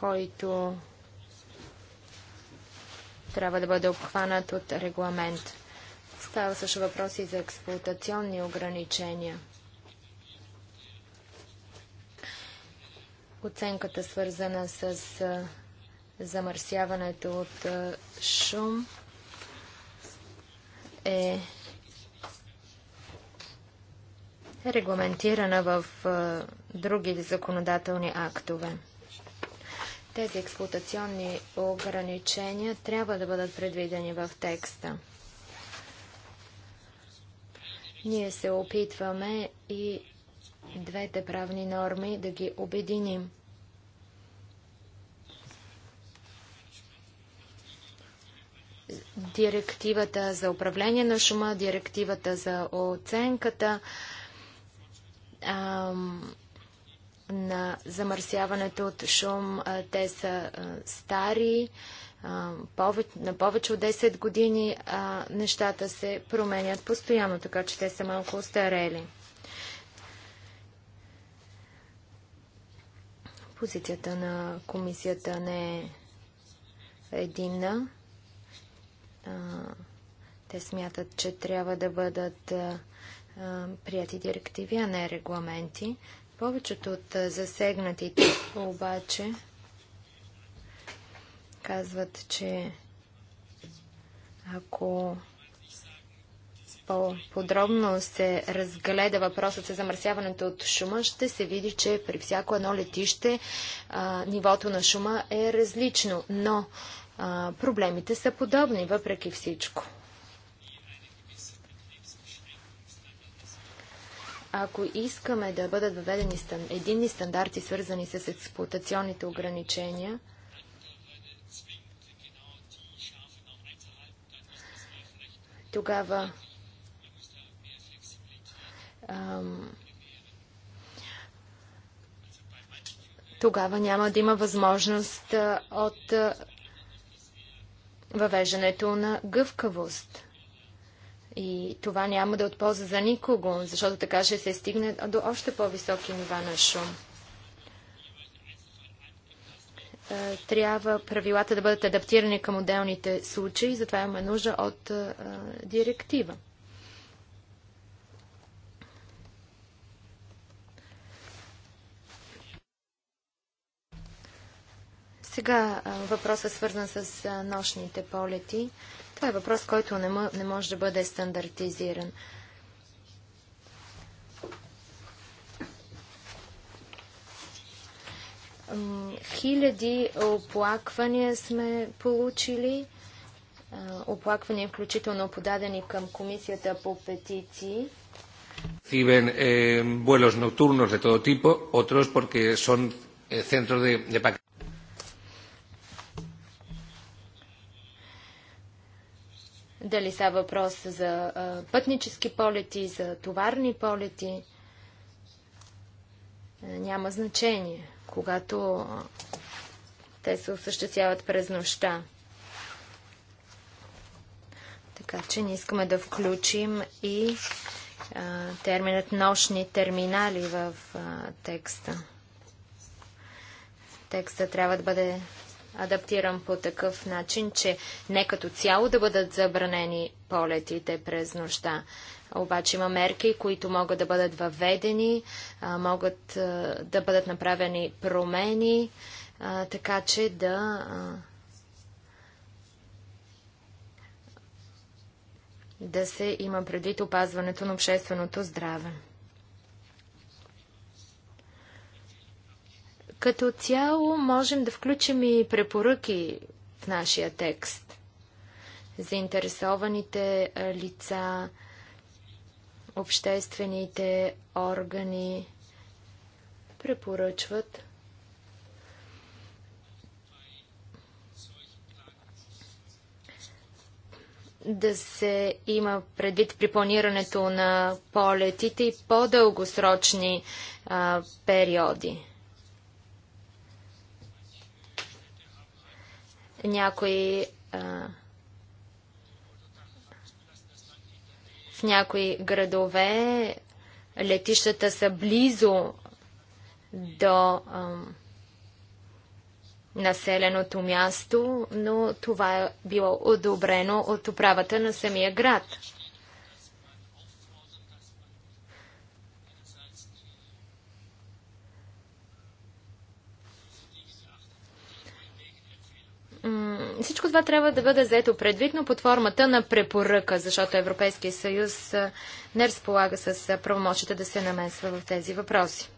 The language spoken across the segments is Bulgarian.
който трябва да бъде обхванат от регламент. Става също въпроси за експлуатационни ограничения. Оценката свързана с замърсяването от шум е регламентирана в други законодателни актове. Тези експлуатационни ограничения трябва да бъдат предвидени в текста. Ние се опитваме и двете правни норми да ги обединим. Директивата за управление на шума, директивата за оценката, ам, на замърсяването от шум. Те са стари, на повече от 10 години нещата се променят постоянно, така че те са малко остарели. Позицията на комисията не е единна. Те смятат, че трябва да бъдат прияти директиви, а не регламенти. Повечето от засегнатите обаче казват, че ако по-подробно се разгледа въпросът за замърсяването от шума, ще се види, че при всяко едно летище а, нивото на шума е различно, но а, проблемите са подобни въпреки всичко. Ако искаме да бъдат въведени стан... единни стандарти, свързани с експлуатационните ограничения, тогава ам, тогава няма да има възможност от въвеждането на гъвкавост. И това няма да е отполза за никого, защото така ще се стигне до още по-високи нива на шум. Е, трябва правилата да бъдат адаптирани към отделните случаи, затова имаме нужда от е, директива. Сега въпросът е свързан с нощните полети. Това е въпрос, който не, не може да бъде стандартизиран. Хиляди оплаквания сме получили, оплаквания включително подадени към комисията по петиции. Reciben eh, vuelos nocturnos de todo tipo, otros porque son eh, centros de, de Дали са въпрос за а, пътнически полети, за товарни полети, няма значение, когато те се осъществяват през нощта. Така че не искаме да включим и а, терминът нощни терминали в а, текста. Текста трябва да бъде адаптиран по такъв начин, че не като цяло да бъдат забранени полетите през нощта. Обаче има мерки, които могат да бъдат въведени, могат да бъдат направени промени, така че да. да се има предвид опазването на общественото здраве. Като цяло можем да включим и препоръки в нашия текст. Заинтересованите лица, обществените органи препоръчват да се има предвид при планирането на полетите и по-дългосрочни периоди. някои а, в някои градове летищата са близо до а, населеното място, но това е било одобрено от управата на самия град. всичко това трябва да бъде заето предвидно под формата на препоръка, защото Европейския съюз не разполага с правомощите да се намесва в тези въпроси.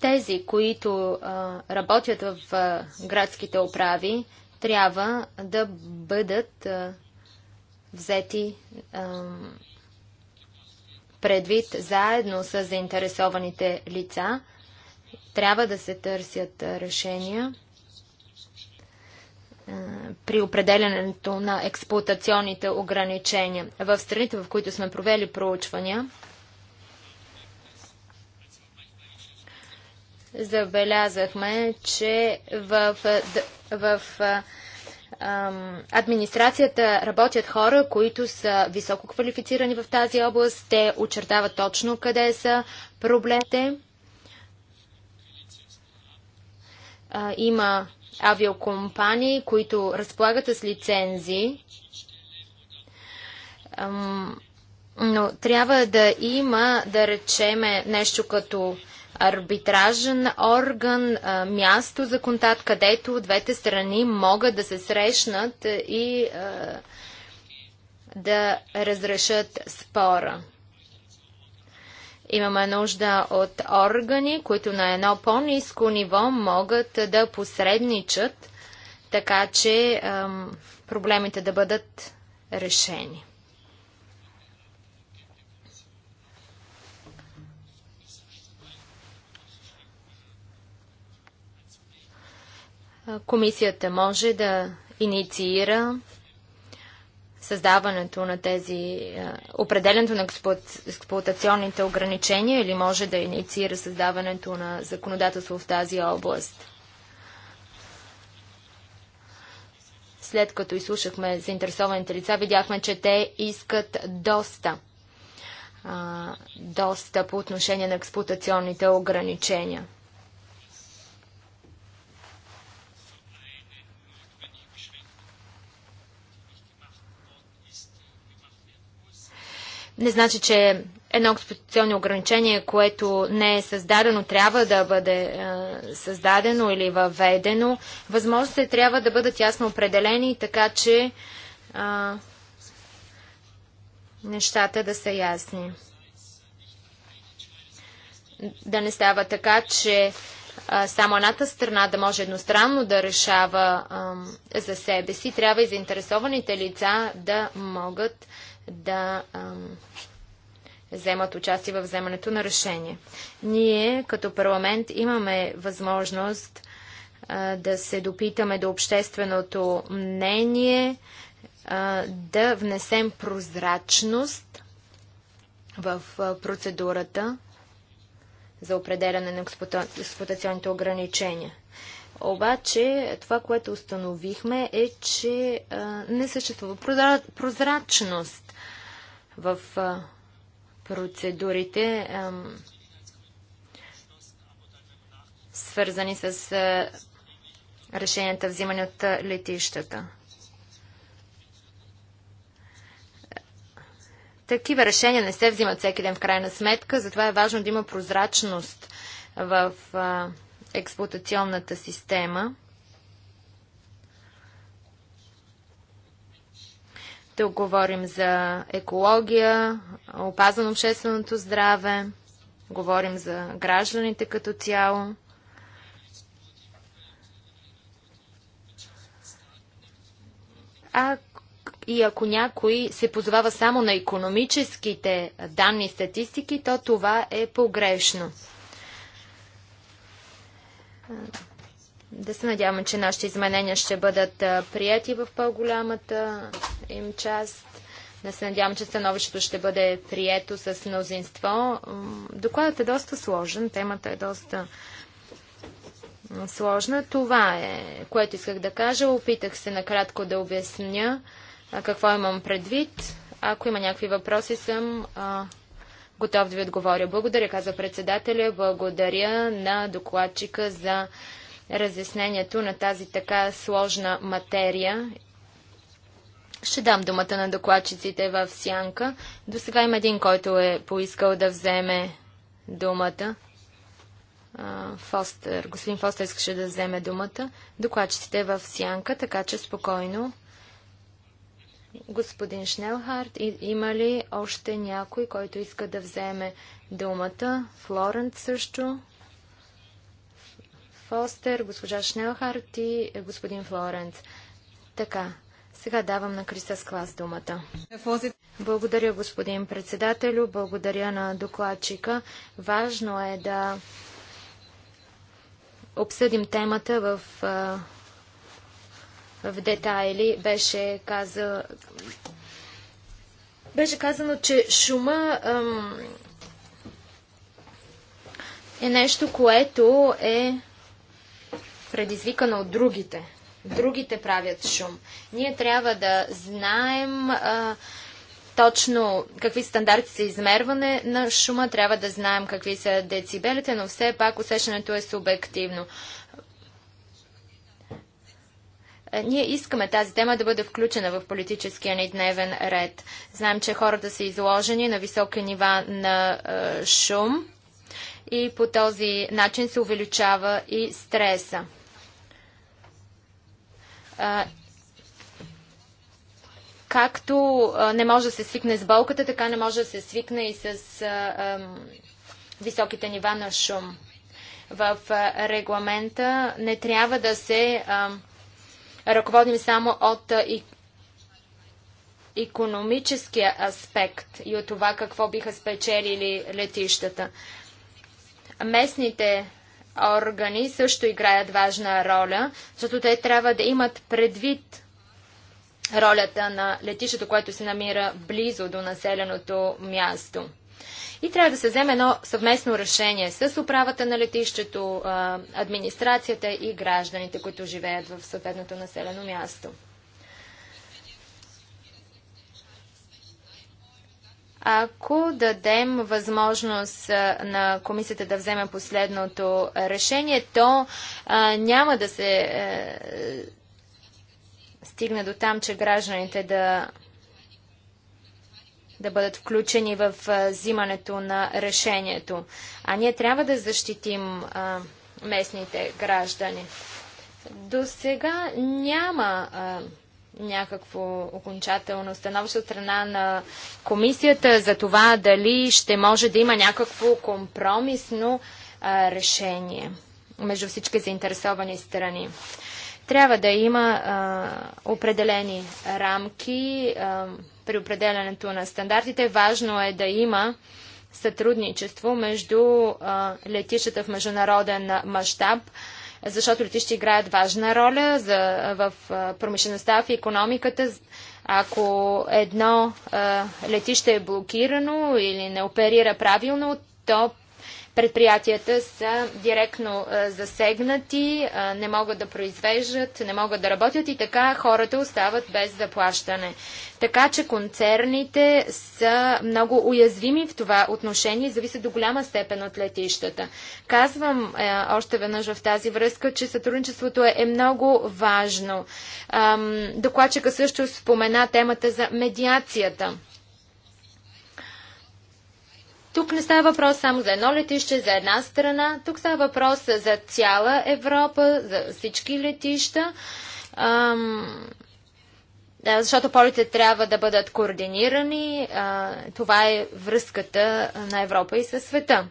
Тези, които а, работят в а, градските управи, трябва да бъдат а, взети предвид заедно с заинтересованите лица. Трябва да се търсят решения при определенето на експлуатационните ограничения. В страните, в които сме провели проучвания, забелязахме, че в, в, в администрацията работят хора, които са високо квалифицирани в тази област. Те очертават точно къде са проблемите. Има авиокомпании, които разполагат с лицензи, но трябва да има, да речеме, нещо като арбитражен орган, място за контакт, където двете страни могат да се срещнат и да разрешат спора. Имаме нужда от органи, които на едно по-низко ниво могат да посредничат, така че проблемите да бъдат решени. Комисията може да инициира създаването на тези, определенето на експлуатационните ограничения или може да инициира създаването на законодателство в тази област. След като изслушахме заинтересованите лица, видяхме, че те искат доста. доста по отношение на експлуатационните ограничения. не значи, че едно конституционно ограничение, което не е създадено, трябва да бъде е, създадено или въведено. Възможностите трябва да бъдат ясно определени, така че е, нещата да са ясни. Да не става така, че е, само едната страна да може едностранно да решава а, е, за себе си, трябва и заинтересованите лица да могат да ам, вземат участие в вземането на решение. Ние като парламент имаме възможност а, да се допитаме до общественото мнение, а, да внесем прозрачност в процедурата за определяне на експлуатационните ограничения. Обаче това, което установихме е, че а, не съществува прозрачност в процедурите, свързани с решенията взимани от летищата. Такива решения не се взимат всеки ден в крайна сметка, затова е важно да има прозрачност в експлуатационната система. Тук говорим за екология, опазване на общественото здраве, говорим за гражданите като цяло. А и ако някой се позовава само на економическите данни и статистики, то това е погрешно. Да се надяваме, че нашите изменения ще бъдат прияти в по-голямата им част. Да се надявам, че становището ще бъде прието с мнозинство. Докладът е доста сложен, темата е доста сложна. Това е, което исках да кажа. Опитах се накратко да обясня какво имам предвид. Ако има някакви въпроси, съм готов да ви отговоря. Благодаря, каза председателя. Благодаря на докладчика за разяснението на тази така сложна материя. Ще дам думата на докладчиците в Сянка. До сега има един, който е поискал да вземе думата. Фостер. Господин Фостер искаше да вземе думата. Докладчиците в Сянка, така че спокойно. Господин Шнелхарт, има ли още някой, който иска да вземе думата? Флорент също. Фостер, госпожа Шнелхарт и господин Флоренц. Така, сега давам на Криса Склас думата. Благодаря, господин председателю, благодаря на докладчика. Важно е да обсъдим темата в, в детайли. Беше, каза, беше казано, че шума ам, е нещо, което е предизвикана от другите. Другите правят шум. Ние трябва да знаем а, точно какви стандарти са измерване на шума, трябва да знаем какви са децибелите, но все пак усещането е субективно. Е, ние искаме тази тема да бъде включена в политическия ни дневен ред. Знаем, че хората са изложени на високи нива на е, шум и по този начин се увеличава и стреса. Както не може да се свикне с болката, така не може да се свикне и с високите нива на шум. В регламента не трябва да се ръководим само от економическия аспект и от това какво биха спечелили летищата. Местните органи също играят важна роля, защото те трябва да имат предвид ролята на летището, което се намира близо до населеното място. И трябва да се вземе едно съвместно решение с управата на летището, администрацията и гражданите, които живеят в съответното населено място. Ако дадем възможност на комисията да вземе последното решение, то няма да се е, стигне до там, че гражданите да, да бъдат включени в взимането на решението. А ние трябва да защитим местните граждани. До сега няма. А, някакво окончателно становище от страна на комисията за това дали ще може да има някакво компромисно а, решение между всички заинтересовани страни. Трябва да има а, определени рамки а, при определенето на стандартите. Важно е да има сътрудничество между а, летищата в международен мащаб. А, защото летища играят важна роля за, в промишлеността, в економиката. Ако едно а, летище е блокирано или не оперира правилно, то Предприятията са директно засегнати, не могат да произвеждат, не могат да работят и така хората остават без заплащане. Така че концерните са много уязвими в това отношение и зависят до голяма степен от летищата. Казвам е, още веднъж в тази връзка, че сътрудничеството е, е много важно. докладчика също спомена темата за медиацията. Тук не става въпрос само за едно летище, за една страна. Тук става въпрос за цяла Европа, за всички летища. Ам... Да, защото полите трябва да бъдат координирани. А, това е връзката на Европа и със света.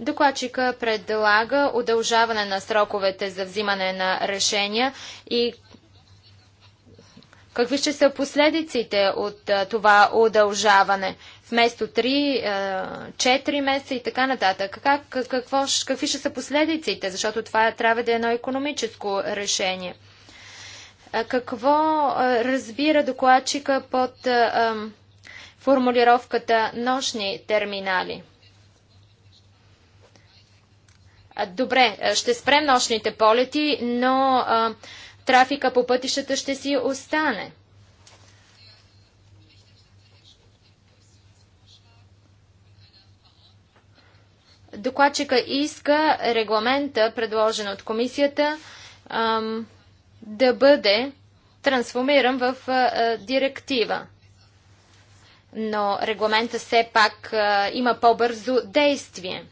Докладчика предлага удължаване на сроковете за взимане на решения и Какви ще са последиците от това удължаване? Вместо 3, 4 месеца и така нататък. Как, какво, какви ще са последиците? Защото това трябва да е едно економическо решение. Какво разбира докладчика под формулировката нощни терминали? Добре, ще спрем нощните полети, но а, трафика по пътищата ще си остане. Докладчика иска регламента, предложен от комисията, да бъде трансформиран в директива. Но регламента все пак има по-бързо действие.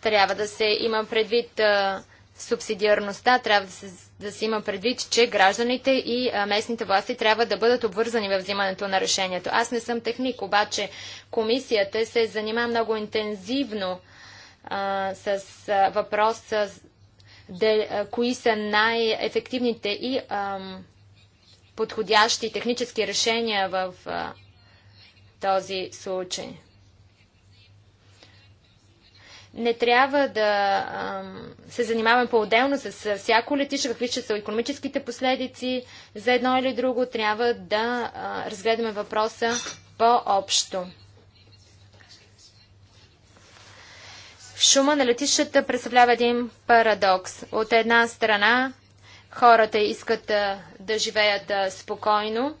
Трябва да се има предвид субсидиарността, трябва да се, да се има предвид, че гражданите и местните власти трябва да бъдат обвързани в взимането на решението. Аз не съм техник, обаче комисията се занимава много интензивно а, с а, въпроса де, а, кои са най-ефективните и а, подходящи технически решения в а, този случай не трябва да ам, се занимаваме по-отделно с всяко летище, какви ще са економическите последици за едно или друго. Трябва да а, разгледаме въпроса по-общо. Шума на летищата представлява един парадокс. От една страна хората искат да живеят спокойно,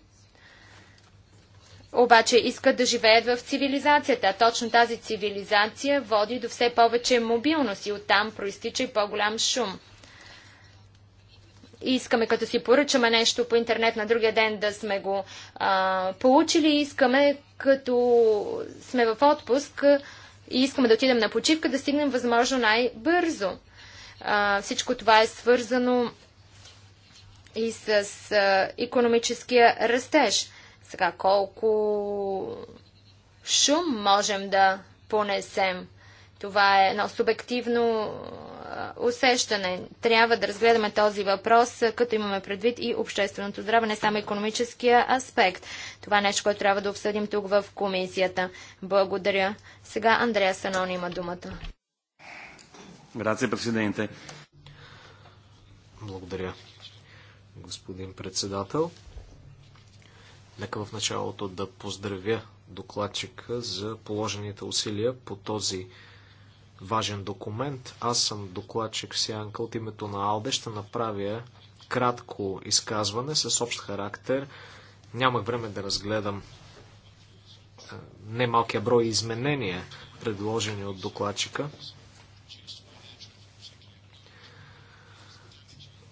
обаче искат да живеят в цивилизацията. Точно тази цивилизация води до все повече мобилност и оттам проистича и по-голям шум. Искаме, като си поръчаме нещо по интернет на другия ден да сме го а, получили. Искаме, като сме в отпуск и искаме да отидем на почивка, да стигнем възможно най-бързо. всичко това е свързано и с а, економическия растеж сега колко шум можем да понесем? Това е едно субективно усещане. Трябва да разгледаме този въпрос, като имаме предвид и общественото здраве, не само економическия аспект. Това е нещо, което трябва да обсъдим тук в комисията. Благодаря. Сега Андрея Санон има думата. Грация, президенте. Благодаря, господин председател. Нека в началото да поздравя докладчика за положените усилия по този важен документ. Аз съм докладчик Сянка от името на Алде. Ще направя кратко изказване с общ характер. Нямах време да разгледам е, немалкия брой изменения, предложени от докладчика.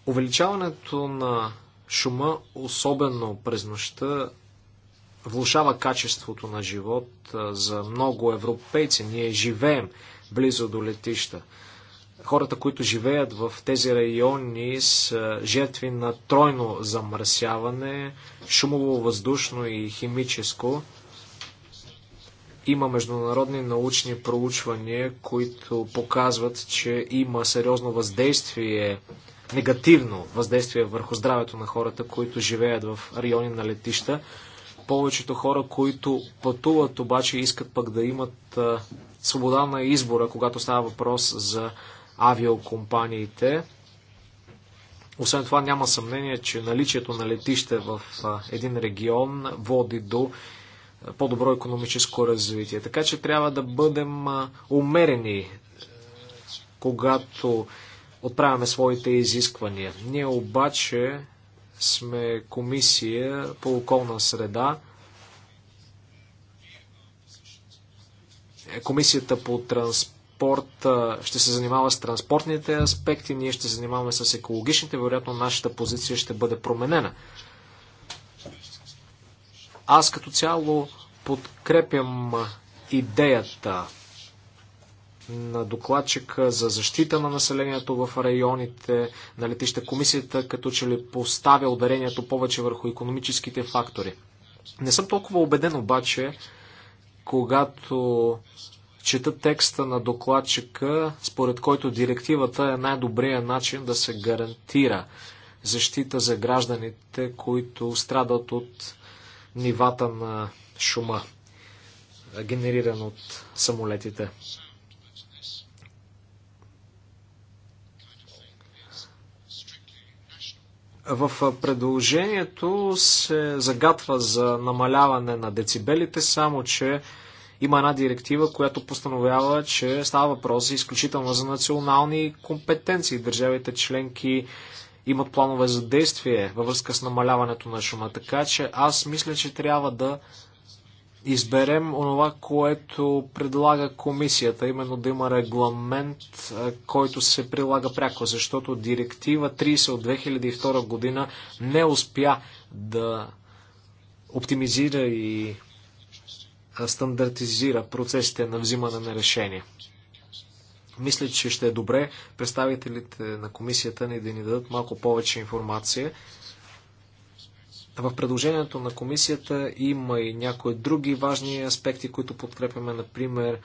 Увеличаването на шума, особено през нощта, влушава качеството на живот за много европейци. Ние живеем близо до летища. Хората, които живеят в тези райони са жертви на тройно замърсяване, шумово, въздушно и химическо. Има международни научни проучвания, които показват, че има сериозно въздействие негативно въздействие върху здравето на хората, които живеят в райони на летища. Повечето хора, които пътуват, обаче искат пък да имат свобода на избора, когато става въпрос за авиокомпаниите. Освен това няма съмнение, че наличието на летище в един регион води до по-добро економическо развитие. Така че трябва да бъдем умерени, когато отправяме своите изисквания. Ние обаче сме комисия по околна среда. Комисията по транспорт ще се занимава с транспортните аспекти, ние ще се занимаваме с екологичните, вероятно нашата позиция ще бъде променена. Аз като цяло подкрепям идеята на докладчик за защита на населението в районите на летище. Комисията като че ли поставя ударението повече върху економическите фактори. Не съм толкова убеден обаче, когато чета текста на докладчика, според който директивата е най-добрият начин да се гарантира защита за гражданите, които страдат от нивата на шума, генериран от самолетите. В предложението се загатва за намаляване на децибелите, само че има една директива, която постановява, че става въпрос изключително за национални компетенции. Държавите членки имат планове за действие във връзка с намаляването на шума. Така че аз мисля, че трябва да изберем онова, което предлага комисията, именно да има регламент, който се прилага пряко, защото директива 30 от 2002 година не успя да оптимизира и стандартизира процесите на взимане на решения. Мисля, че ще е добре представителите на комисията ни да ни дадат малко повече информация. В предложението на комисията има и някои други важни аспекти, които подкрепяме, например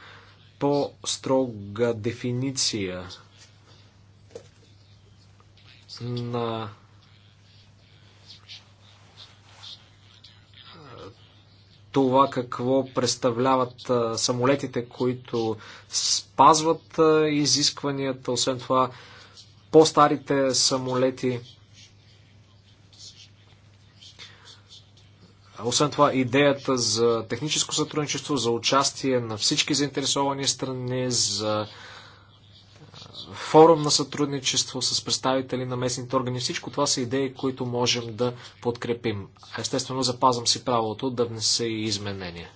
по-строга дефиниция на това какво представляват самолетите, които спазват изискванията, освен това по-старите самолети. Освен това, идеята за техническо сътрудничество, за участие на всички заинтересовани страни, за форум на сътрудничество с представители на местните органи, всичко това са идеи, които можем да подкрепим. Естествено, запазвам си правото да внеса и изменения.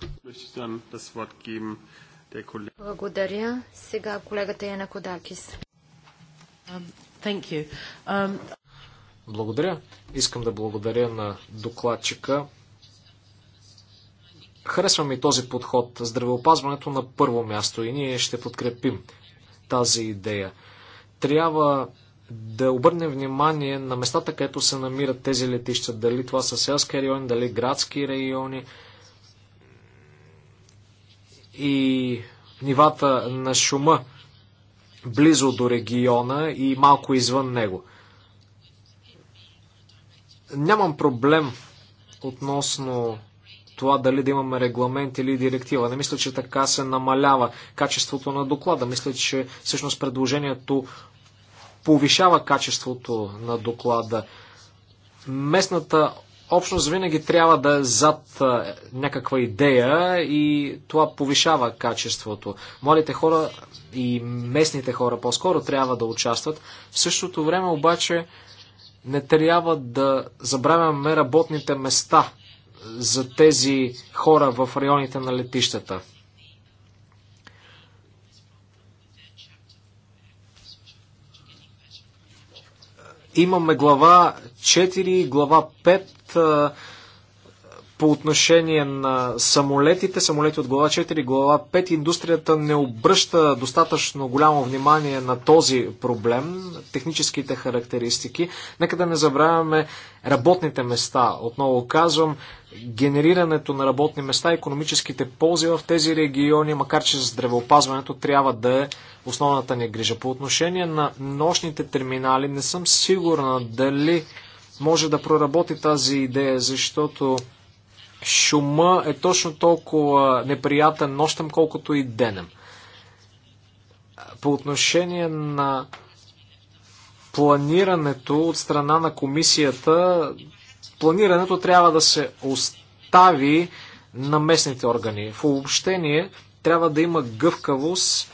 Благодаря. Сега колегата Яна Кодакис. Um, um, благодаря. Искам да благодаря на докладчика. Харесва ми този подход. Здравеопазването на първо място и ние ще подкрепим тази идея. Трябва да обърнем внимание на местата, където се намират тези летища. Дали това са селски райони, дали градски райони. И нивата на шума близо до региона и малко извън него. Нямам проблем относно това дали да имаме регламент или директива. Не мисля, че така се намалява качеството на доклада. Мисля, че всъщност предложението повишава качеството на доклада. Местната общност винаги трябва да е зад някаква идея и това повишава качеството. Младите хора и местните хора по-скоро трябва да участват. В същото време обаче не трябва да забравяме работните места за тези хора в районите на летищата. Имаме глава 4, глава 5 по отношение на самолетите, самолети от глава 4, глава 5, индустрията не обръща достатъчно голямо внимание на този проблем, техническите характеристики. Нека да не забравяме работните места. Отново казвам, генерирането на работни места, економическите ползи в тези региони, макар че здравеопазването трябва да е основната ни грижа. По отношение на нощните терминали, не съм сигурна дали може да проработи тази идея, защото шума е точно толкова неприятен нощем, колкото и денем. По отношение на планирането от страна на комисията, планирането трябва да се остави на местните органи. В обобщение трябва да има гъвкавост,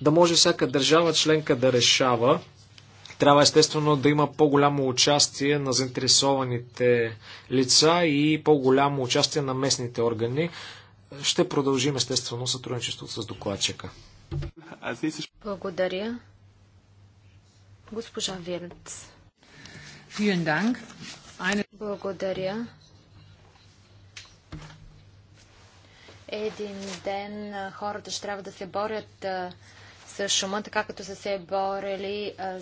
да може всяка държава членка да решава. Трябва естествено да има по-голямо участие на заинтересованите лица и по-голямо участие на местните органи. Ще продължим естествено сътрудничеството с докладчика. Благодаря. Госпожа Вирнц. Благодаря. Един ден хората ще трябва да се борят а, с шума, така като са се борели а,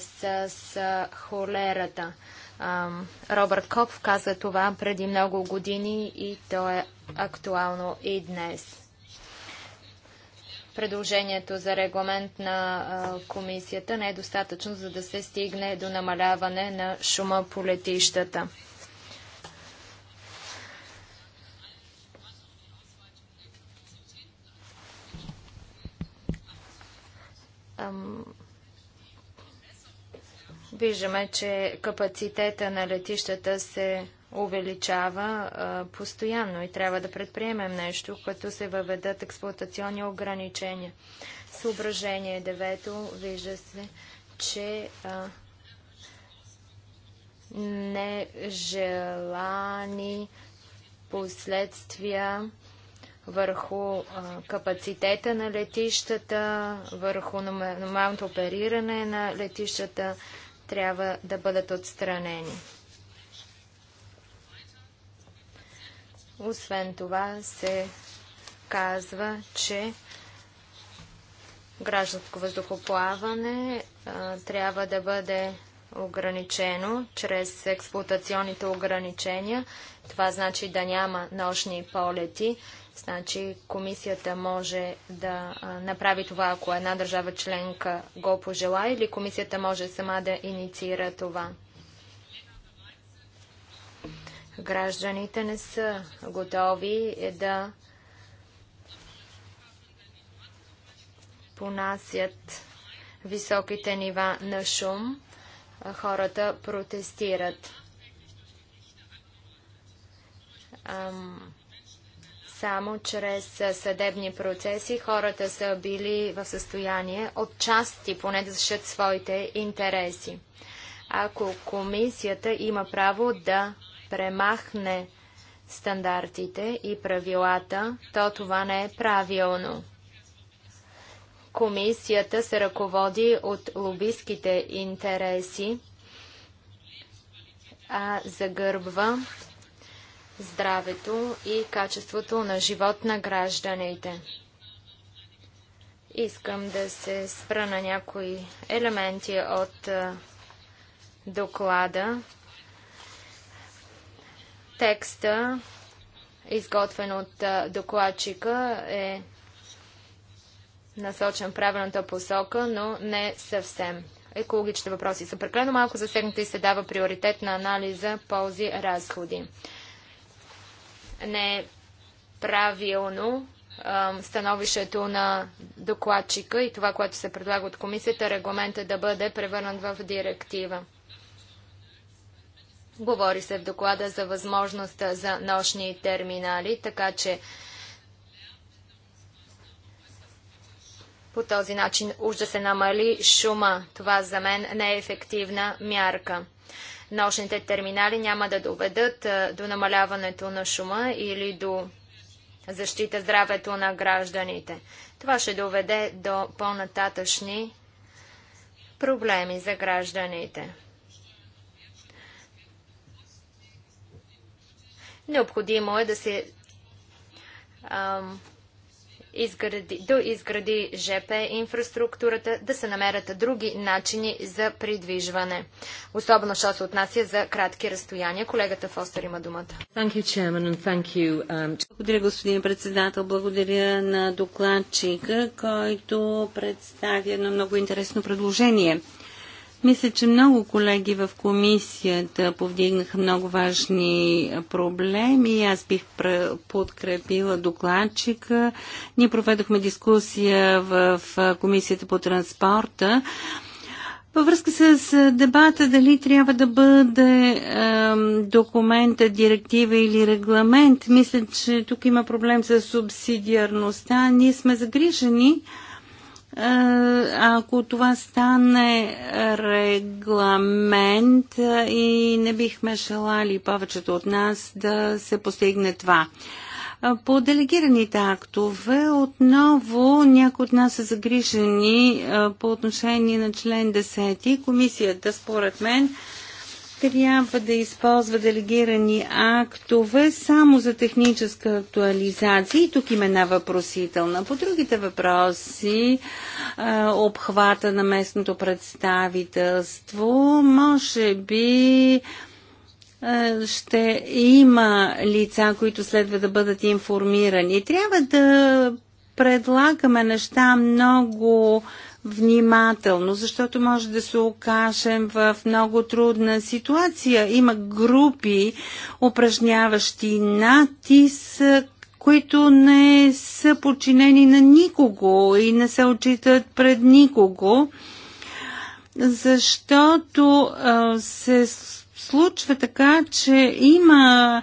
с, холерата. А, Робърт Коп каза това преди много години и то е актуално и днес предложението за регламент на комисията не е достатъчно, за да се стигне до намаляване на шума по летищата. Виждаме, че капацитета на летищата се увеличава а, постоянно и трябва да предприемем нещо, като се въведат експлуатационни ограничения. Съображение девето вижда се, че а, нежелани последствия върху а, капацитета на летищата, върху нормалното опериране на летищата трябва да бъдат отстранени. Освен това се казва, че гражданско въздухоплаване а, трябва да бъде ограничено чрез експлуатационните ограничения. Това значи да няма нощни полети. Значи комисията може да а, направи това, ако една държава членка го пожела, или комисията може сама да инициира това. Гражданите не са готови е да понасят високите нива на шум. Хората протестират. само чрез съдебни процеси хората са били в състояние отчасти поне да защитят своите интереси. Ако комисията има право да премахне стандартите и правилата, то това не е правилно. Комисията се ръководи от лобистските интереси, а загърбва здравето и качеството на живот на гражданите. Искам да се спра на някои елементи от доклада, Текста, изготвен от докладчика, е насочен правилната посока, но не съвсем. Екологичните въпроси са прекалено малко засегнати и се дава приоритет на анализа ползи-разходи. Не е правилно э, становището на докладчика и това, което се предлага от комисията, регламента да бъде превърнат в директива. Говори се в доклада за възможността за нощни терминали, така че по този начин уж да се намали шума. Това за мен не е ефективна мярка. Нощните терминали няма да доведат до намаляването на шума или до защита здравето на гражданите. Това ще доведе до по-нататъчни проблеми за гражданите. Необходимо е да се ам, изгради, да изгради ЖП инфраструктурата, да се намерят други начини за придвижване. Особено, що се отнася за кратки разстояния. Колегата Фостер има думата. You, chairman, you, um... Благодаря, господин председател. Благодаря на докладчика, който представи едно много интересно предложение. Мисля, че много колеги в комисията повдигнаха много важни проблеми. Аз бих подкрепила докладчика. Ние проведохме дискусия в комисията по транспорта. Във връзка с дебата дали трябва да бъде е, документа, директива или регламент, мисля, че тук има проблем с субсидиарността. Ние сме загрижени. Е, ако това стане регламент е, и не бихме желали повечето от нас да се постигне това. Е, по делегираните актове отново някои от нас са загрижени по отношение на член 10. Комисията, според мен, трябва да използва делегирани актове само за техническа актуализация. И тук има една въпросителна. По другите въпроси, е, обхвата на местното представителство, може би е, ще има лица, които следва да бъдат информирани. Трябва да предлагаме неща много внимателно, защото може да се окажем в много трудна ситуация. Има групи, упражняващи натиск които не са подчинени на никого и не се отчитат пред никого, защото а, се случва така, че има а,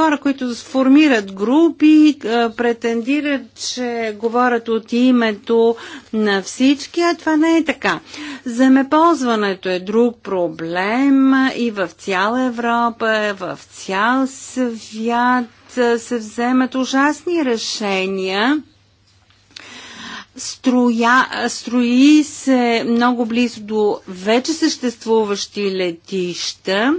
хора, които сформират групи, претендират, че говорят от името на всички, а това не е така. Земеползването е друг проблем и в цяла Европа, в цял свят се вземат ужасни решения строя, строи се много близо до вече съществуващи летища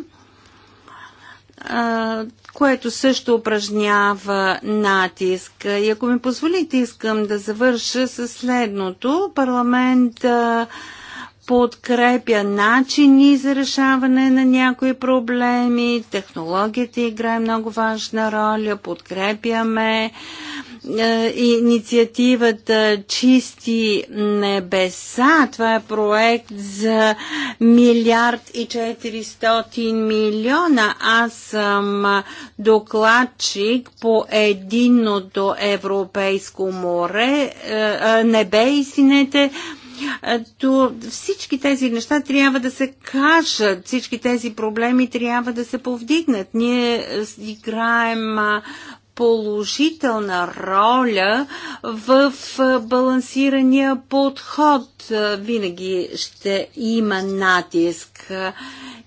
което също упражнява натиск. И ако ми позволите, искам да завърша с следното. Парламент подкрепя начини за решаване на някои проблеми, технологията играе много важна роля, подкрепяме е, инициативата Чисти небеса. Това е проект за милиард и 400 милиона. Аз съм докладчик по единното европейско море, е, е, небе, истинете. то всички тези неща трябва да се кажат, всички тези проблеми трябва да се повдигнат. Ние играем положителна роля в балансирания подход. Винаги ще има натиск.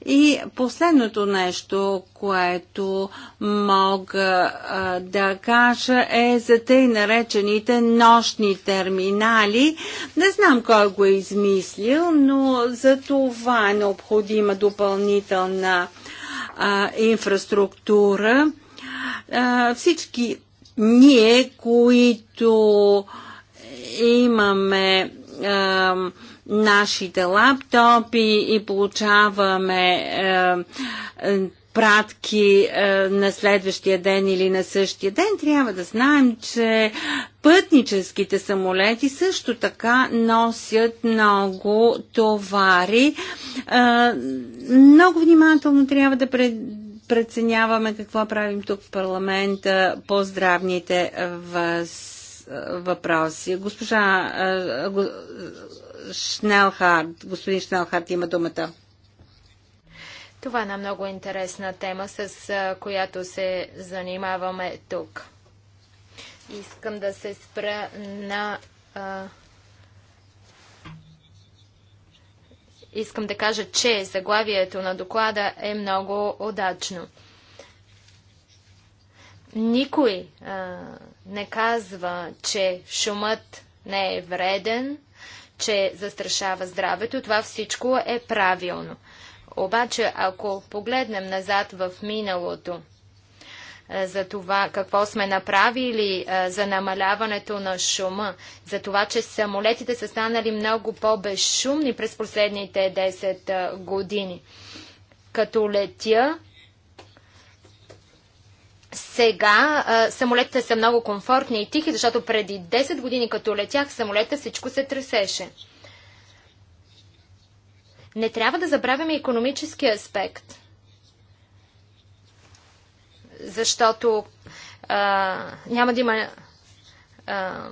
И последното нещо, което мога а, да кажа е за тъй наречените нощни терминали. Не знам кой го е измислил, но за това е необходима допълнителна а, инфраструктура всички ние, които имаме а, нашите лаптопи и получаваме а, пратки а, на следващия ден или на същия ден, трябва да знаем, че пътническите самолети също така носят много товари. А, много внимателно трябва да пред преценяваме какво правим тук в парламента по здравните въпроси. Госпожа Шнелхард, господин Шнелхард има думата. Това е една много интересна тема, с която се занимаваме тук. Искам да се спра на Искам да кажа, че заглавието на доклада е много удачно. Никой а, не казва, че шумът не е вреден, че застрашава здравето. Това всичко е правилно. Обаче, ако погледнем назад в миналото, е, за това какво сме направили е, за намаляването на шума, за това, че самолетите са станали много по-безшумни през последните 10 е, години. Като летя, сега самолетите са много комфортни и тихи, защото преди 10 години, като летях самолета, всичко се тресеше. Не трябва да забравяме економическия аспект – защото а, няма да има. А,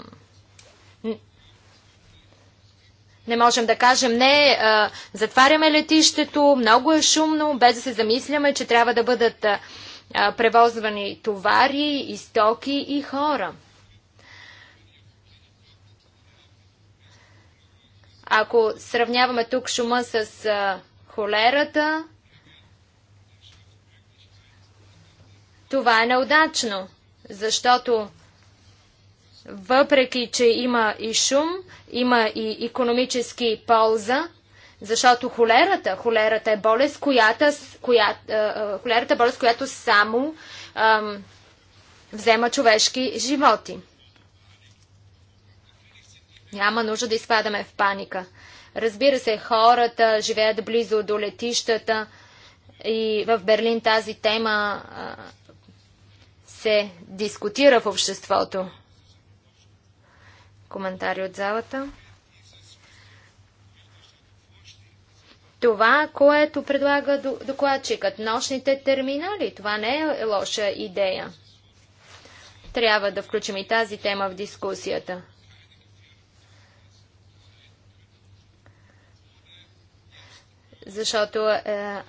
не можем да кажем не, а, затваряме летището, много е шумно, без да се замисляме, че трябва да бъдат а, превозвани товари, истоки и хора. Ако сравняваме тук шума с а, холерата, Това е неудачно, защото въпреки, че има и шум, има и економически полза, защото холерата, холерата е болест, която, коя, холерата е болест, която само ам, взема човешки животи. Няма нужда да изпадаме в паника. Разбира се, хората живеят близо до летищата и в Берлин тази тема се дискутира в обществото. Коментари от залата. Това, което предлага докладчикът, нощните терминали, това не е лоша идея. Трябва да включим и тази тема в дискусията. Защото е,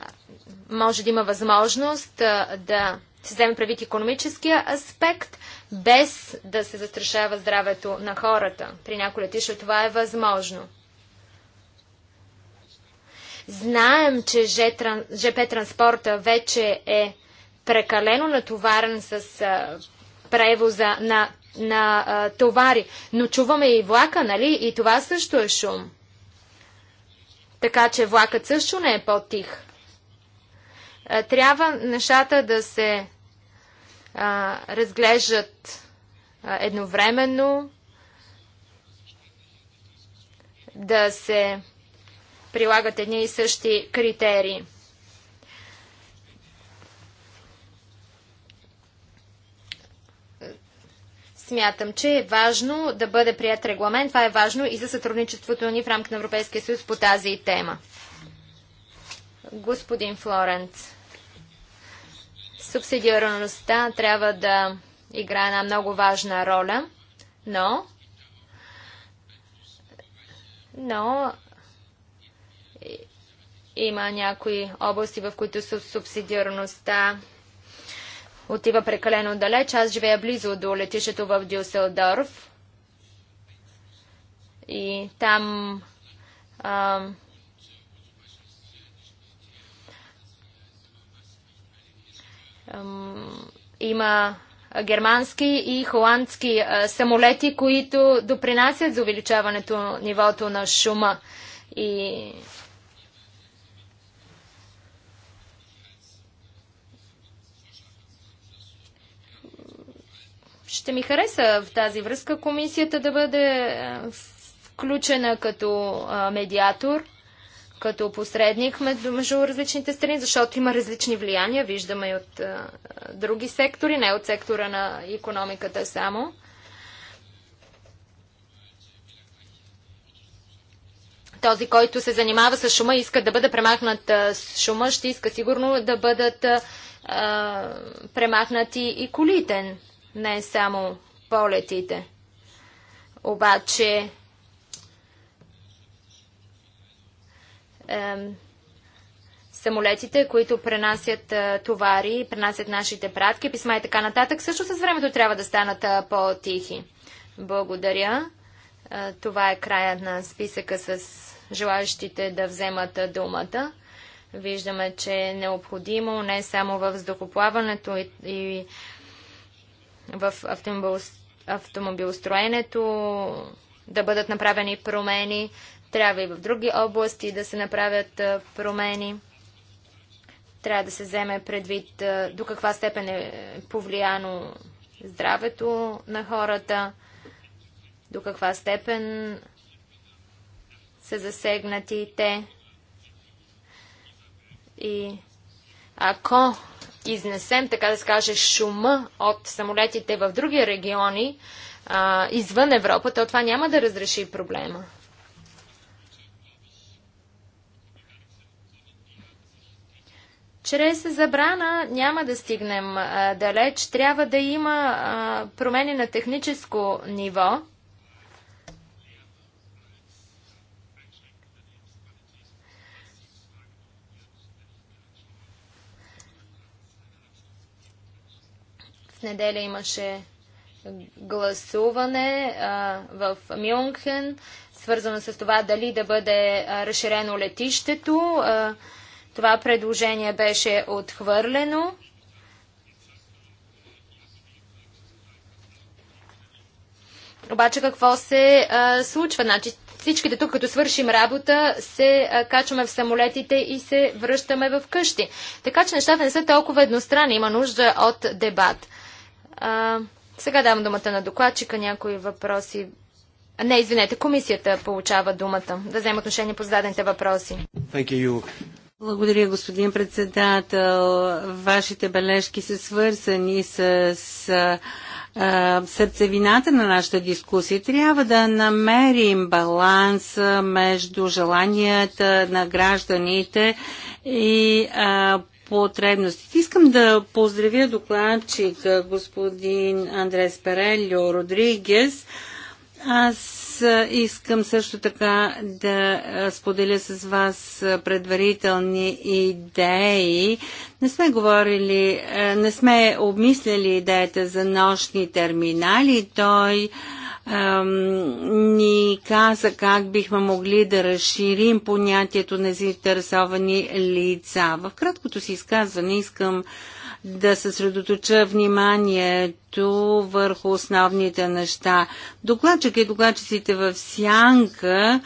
може да има възможност е, да се вземе предвид економическия аспект, без да се застрашава здравето на хората. При някои летища това е възможно. Знаем, че ЖП транспорта вече е прекалено натоварен с превоза на, на а, товари, но чуваме и влака, нали? И това също е шум. Така че влакът също не е по-тих. Трябва нещата да се а, разглеждат а, едновременно, да се прилагат едни и същи критерии. Смятам, че е важно да бъде прият регламент. Това е важно и за сътрудничеството ни в рамките на Европейския съюз по тази тема. Господин Флоренц. Субсидиарността трябва да играе една много важна роля, но, но има някои области, в които субсидиарността отива прекалено далеч. Аз живея близо до летището в Дюселдорф и там Има германски и холандски самолети, които допринасят за увеличаването нивото на шума. И ще ми хареса в тази връзка комисията да бъде включена като медиатор като посредник между различните страни, защото има различни влияния, виждаме и от а, други сектори, не от сектора на економиката само. Този, който се занимава с шума, иска да бъде премахнат с шума, ще иска сигурно да бъдат а, премахнати и колите, не само полетите. Обаче, самолетите, които пренасят е, товари, пренасят нашите пратки, писма и така нататък, също с времето трябва да станат е, по-тихи. Благодаря. Е, това е края на списъка с желаящите да вземат думата. Виждаме, че е необходимо не само в въздухоплаването и, и в автомобилостроенето да бъдат направени промени. Трябва и в други области да се направят промени. Трябва да се вземе предвид до каква степен е повлияно здравето на хората, до каква степен са засегнати те. И ако изнесем, така да се каже, шума от самолетите в други региони, извън Европа, то това няма да разреши проблема. Чрез забрана няма да стигнем а, далеч. Трябва да има а, промени на техническо ниво. В неделя имаше гласуване а, в Мюнхен, свързано с това дали да бъде разширено летището. А, това предложение беше отхвърлено. Обаче какво се а, случва? Значи всичките тук, като свършим работа, се а, качваме в самолетите и се връщаме в къщи. Така че нещата не са толкова едностранни. Има нужда от дебат. А, сега давам думата на докладчика. Някои въпроси. Не, извинете, комисията получава думата да вземе отношение по зададените въпроси. Thank you. Благодаря, господин председател. Вашите бележки са свързани с, а, сърцевината на нашата дискусия. Трябва да намерим баланс между желанията на гражданите и а, потребностите. Искам да поздравя докладчик господин Андрес Перельо Родригес. Аз аз искам също така да споделя с вас предварителни идеи. Не сме говорили, не сме обмисляли идеята за нощни терминали. Той ни каза как бихме могли да разширим понятието на заинтересовани лица. В краткото си изказване искам да съсредоточа вниманието върху основните неща. Докладчик и докладчиците в Сянка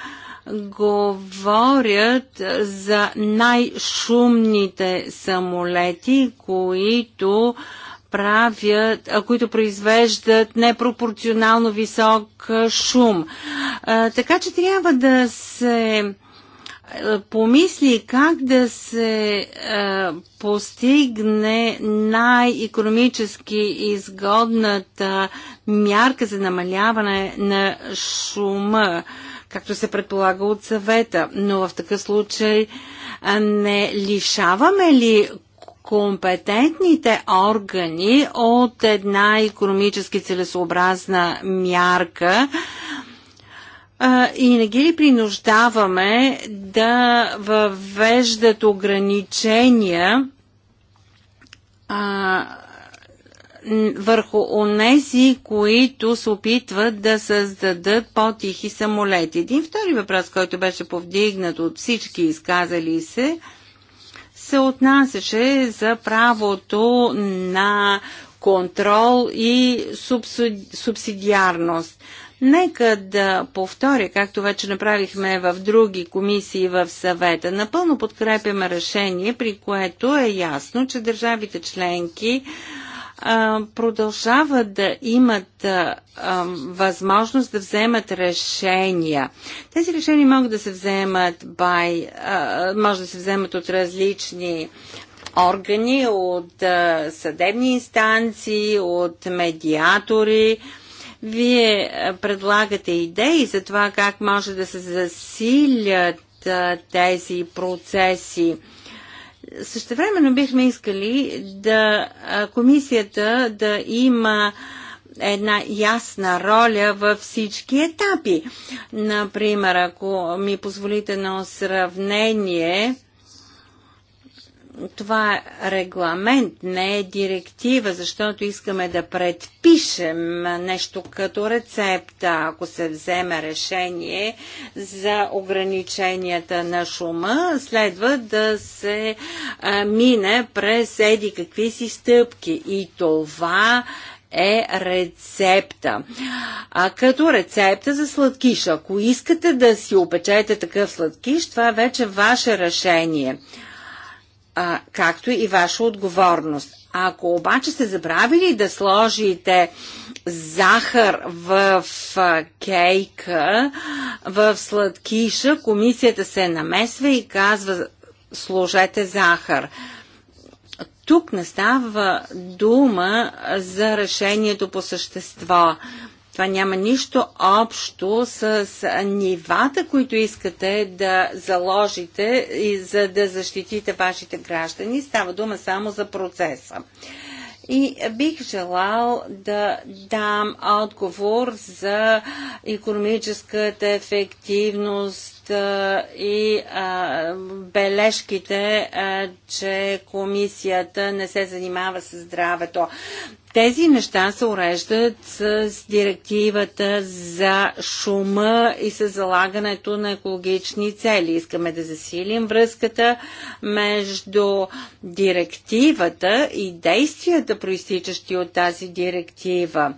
говорят за най-шумните самолети, които правят, които произвеждат непропорционално висок шум. Така че трябва да се е, помисли как да се е, постигне най-економически изгодната мярка за намаляване на шума, както се предполага от съвета. Но в такъв случай е, не лишаваме ли компетентните органи от една економически целесообразна мярка, а, и не ги ли принуждаваме да въвеждат ограничения а, върху онези, които се опитват да създадат по-тихи самолети. Един втори въпрос, който беше повдигнат от всички изказали се, се отнасяше за правото на контрол и субсидиарност. Нека да повторя, както вече направихме в други комисии в съвета. Напълно подкрепяме решение, при което е ясно, че държавите членки продължават да имат възможност да вземат решения. Тези решения могат да се вземат by, може да се вземат от различни органи, от съдебни инстанции, от медиатори. Вие предлагате идеи за това как може да се засилят тези процеси. Същевременно бихме искали да комисията да има една ясна роля във всички етапи. Например, ако ми позволите на сравнение, това е регламент, не е директива, защото искаме да предпишем нещо като рецепта, ако се вземе решение за ограниченията на шума, следва да се а, мине през еди какви си стъпки. И това е рецепта. А като рецепта за сладкиш. Ако искате да си опечете такъв сладкиш, това е вече ваше решение а, както и ваша отговорност. Ако обаче сте забравили да сложите захар в кейка, в сладкиша, комисията се намесва и казва сложете захар. Тук не става дума за решението по същество. Това няма нищо общо с нивата, които искате да заложите и за да защитите вашите граждани. Става дума само за процеса. И бих желал да дам отговор за економическата ефективност и а, бележките, а, че комисията не се занимава с здравето. Тези неща се уреждат с директивата за шума и с залагането на екологични цели. Искаме да засилим връзката между директивата и действията, проистичащи от тази директива.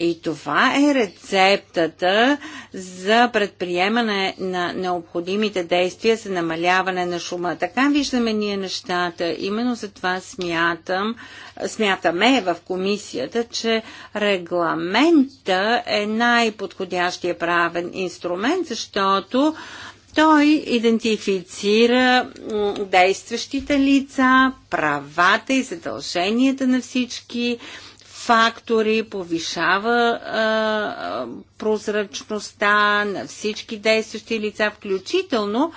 И това е рецептата за предприемане на необходимите действия за намаляване на шума. Така виждаме ние нещата. Именно за това смятам, смятаме в комисията, че регламента е най-подходящия правен инструмент, защото той идентифицира действащите лица, правата и задълженията на всички фактори, повишава а, а, прозрачността на всички действащи лица, включително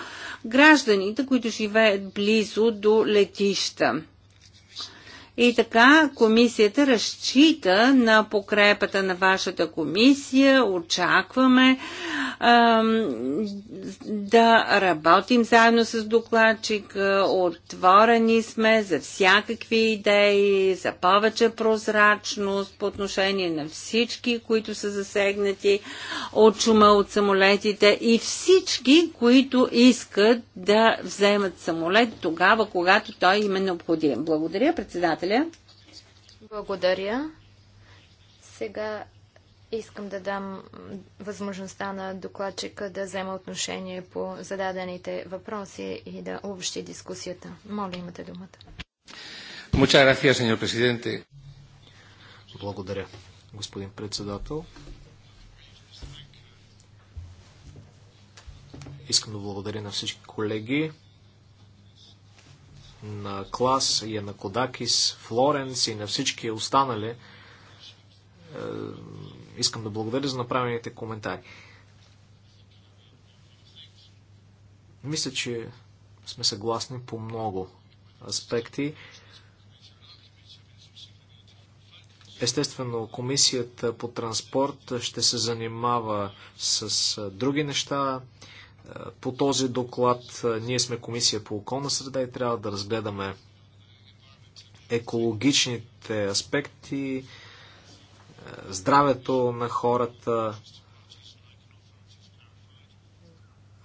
гражданите, които живеят близо до летища. И така комисията разчита на покрепата на вашата комисия. Очакваме ем, да работим заедно с докладчика. Отворени сме за всякакви идеи, за повече прозрачност по отношение на всички, които са засегнати от шума от самолетите и всички, които искат да вземат самолет тогава, когато той им е необходим. Благодаря, председател. Председателя. Благодаря. Сега искам да дам възможността на докладчика да взема отношение по зададените въпроси и да общи дискусията. Моля, имате думата. Благодаря, господин председател. Искам да благодаря на всички колеги, на Клас и е на Кодакис, Флоренс и на всички останали. Е, искам да благодаря за направените коментари. Мисля, че сме съгласни по много аспекти. Естествено, комисията по транспорт ще се занимава с други неща. Е, по този доклад е, ние сме комисия по околна среда и трябва да разгледаме екологичните аспекти, е, здравето на хората,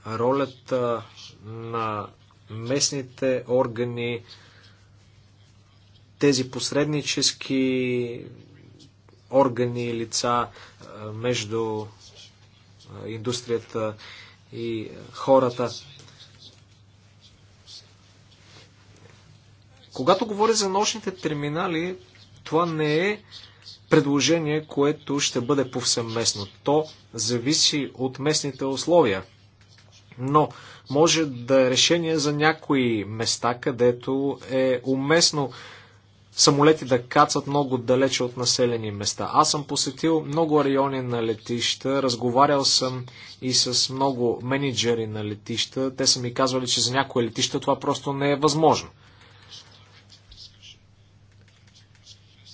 ролята на местните органи, тези посреднически органи и лица между индустрията и хората. Когато говоря за нощните терминали, това не е предложение, което ще бъде повсеместно. То зависи от местните условия. Но може да е решение за някои места, където е уместно самолети да кацат много далече от населени места. Аз съм посетил много райони на летища, разговарял съм и с много менеджери на летища. Те са ми казвали, че за някои летища това просто не е възможно.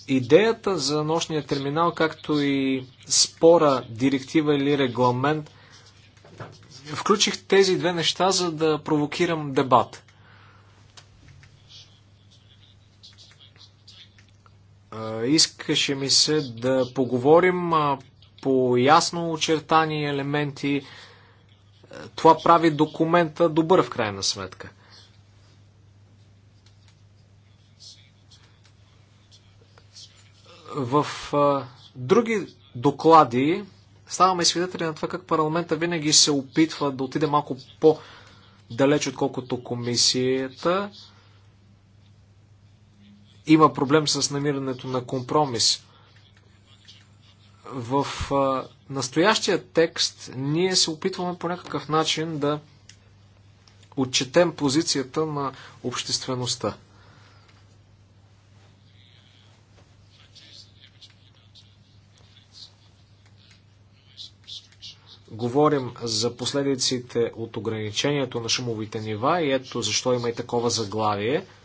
Идеята за нощния терминал, както и спора, директива или регламент, включих тези две неща, за да провокирам дебат. Искаше ми се да поговорим по ясно очертани елементи. Е, това прави документа добър в крайна сметка. В други доклади ставаме свидетели на това как парламента винаги се опитва да отиде малко по-далеч, отколкото комисията има проблем с намирането на компромис. В а, настоящия текст ние се опитваме по някакъв начин да отчетем позицията на обществеността. говорим за последиците от ограничението на шумовите нива и ето защо има и такова заглавие –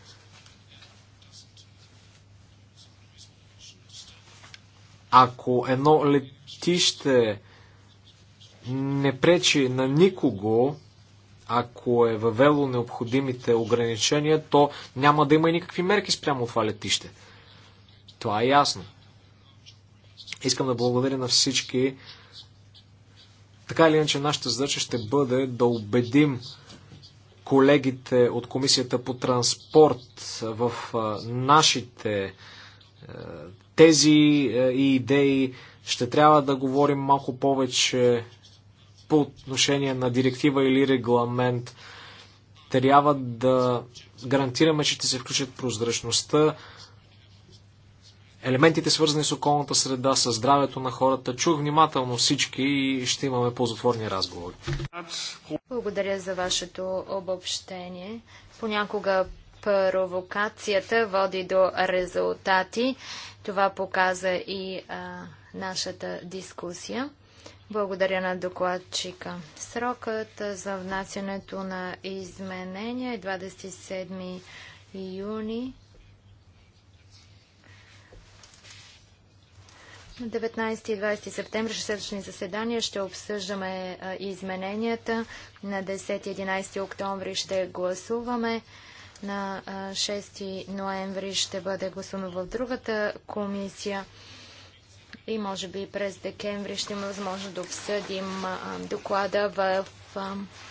Ако едно летище не пречи на никого, ако е въвело необходимите ограничения, то няма да има и никакви мерки спрямо това летище. Това е ясно. Искам да благодаря на всички. Така или иначе, нашата задача ще бъде да убедим колегите от Комисията по транспорт в нашите тези е, и идеи. Ще трябва да говорим малко повече по отношение на директива или регламент. Трябва да гарантираме, че ще се включат прозрачността, елементите свързани с околната среда, с здравето на хората. Чух внимателно всички и ще имаме ползотворни разговори. Благодаря за вашето обобщение. Понякога провокацията води до резултати. Това показа и а, нашата дискусия. Благодаря на докладчика. Срокът за внасянето на изменения е 27 юни. 19 и 20 септември, шестъчни заседания, ще обсъждаме а, измененията. На 10 и 11 октомври ще гласуваме на 6 ноември ще бъде гласувано в другата комисия и може би през декември ще има възможност да обсъдим доклада в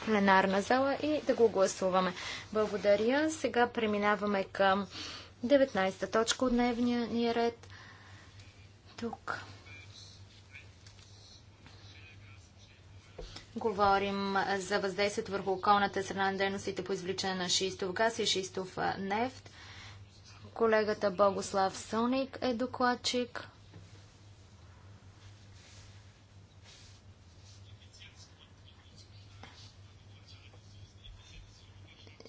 пленарна зала и да го гласуваме. Благодаря. Сега преминаваме към 19 та точка от дневния ни ред. Тук Говорим за въздействието върху околната среда на дейностите по извличане на шистов газ и шистов нефт. Колегата Богослав Соник е докладчик.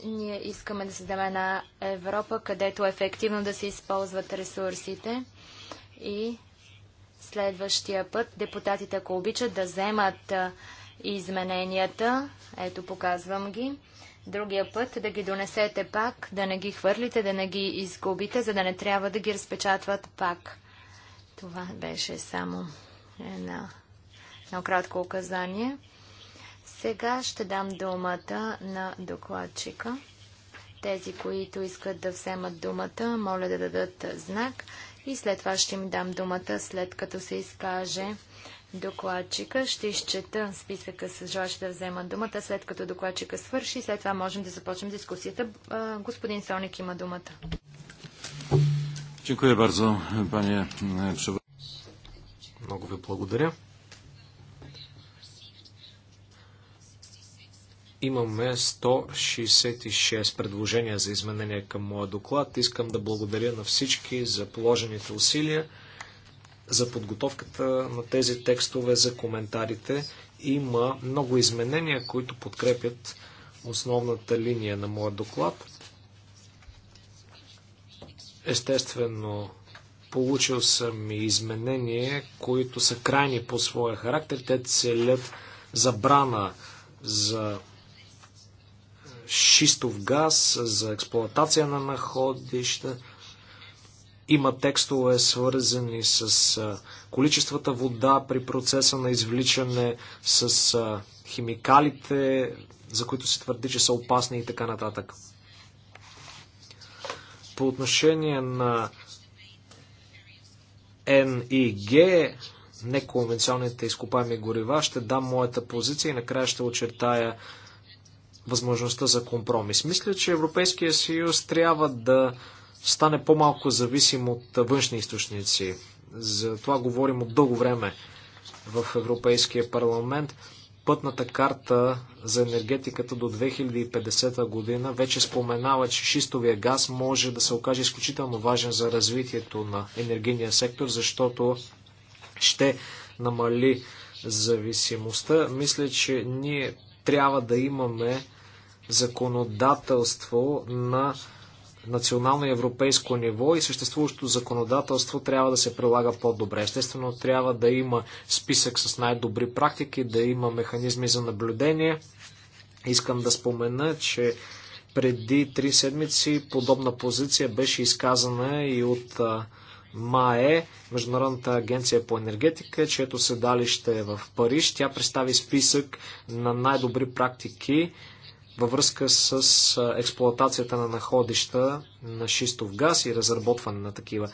ние искаме да създадем една Европа, където ефективно да се използват ресурсите и следващия път депутатите, ако обичат, да вземат измененията. Ето, показвам ги. Другия път да ги донесете пак, да не ги хвърлите, да не ги изгубите, за да не трябва да ги разпечатват пак. Това беше само една, едно кратко указание. Сега ще дам думата на докладчика. Тези, които искат да вземат думата, моля да дадат знак и след това ще им дам думата, след като се изкаже докладчика. Ще изчета списъка с желащи да вземат думата, след като докладчика свърши. След това можем да започнем дискусията. Господин Соник има думата. Е, Много ви благодаря. Имаме 166 предложения за изменения към моя доклад. Искам да благодаря на всички за положените усилия за подготовката на тези текстове, за коментарите. Има много изменения, които подкрепят основната линия на моя доклад. Естествено, получил съм и изменения, които са крайни по своя характер. Те целят забрана за шистов газ, за експлоатация на находища. Има текстове свързани с количествата вода при процеса на извличане, с химикалите, за които се твърди, че са опасни и така нататък. По отношение на НИГ, неконвенционните изкопаеми горива, ще дам моята позиция и накрая ще очертая възможността за компромис. Мисля, че Европейския съюз трябва да стане по-малко зависим от външни източници. За това говорим от дълго време в Европейския парламент. Пътната карта за енергетиката до 2050 година вече споменава, че шистовия газ може да се окаже изключително важен за развитието на енергийния сектор, защото ще намали зависимостта. Мисля, че ние трябва да имаме законодателство на национално и европейско ниво и съществуващото законодателство трябва да се прилага по-добре. Естествено, трябва да има списък с най-добри практики, да има механизми за наблюдение. Искам да спомена, че преди три седмици подобна позиция беше изказана и от МАЕ, Международната агенция по енергетика, чието седалище е в Париж. Тя представи списък на най-добри практики във връзка с експлоатацията на находища на шистов газ и разработване на такива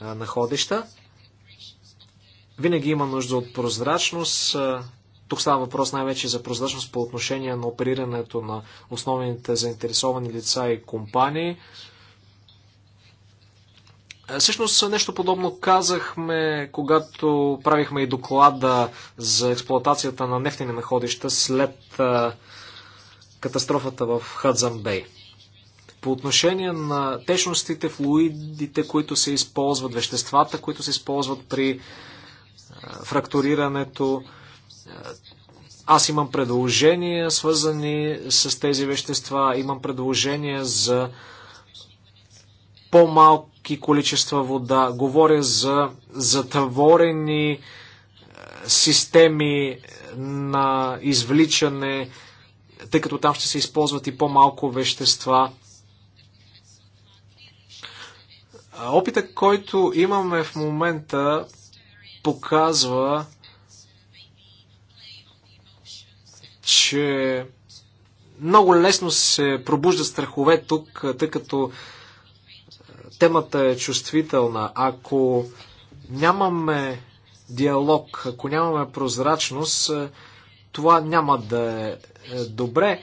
находища. Винаги има нужда от прозрачност. Тук става въпрос най-вече за прозрачност по отношение на оперирането на основните заинтересовани лица и компании. Всъщност нещо подобно казахме, когато правихме и доклада за експлоатацията на нефтени находища след катастрофата в Бей. По отношение на течностите, флуидите, които се използват, веществата, които се използват при е, фрактурирането, е, аз имам предложения, свързани с тези вещества, имам предложения за по-малки количества вода, говоря за затворени е, системи на извличане, тъй като там ще се използват и по-малко вещества. Опита, който имаме в момента, показва, че много лесно се пробуждат страхове тук, тъй като темата е чувствителна. Ако нямаме диалог, ако нямаме прозрачност, това няма да е, е добре.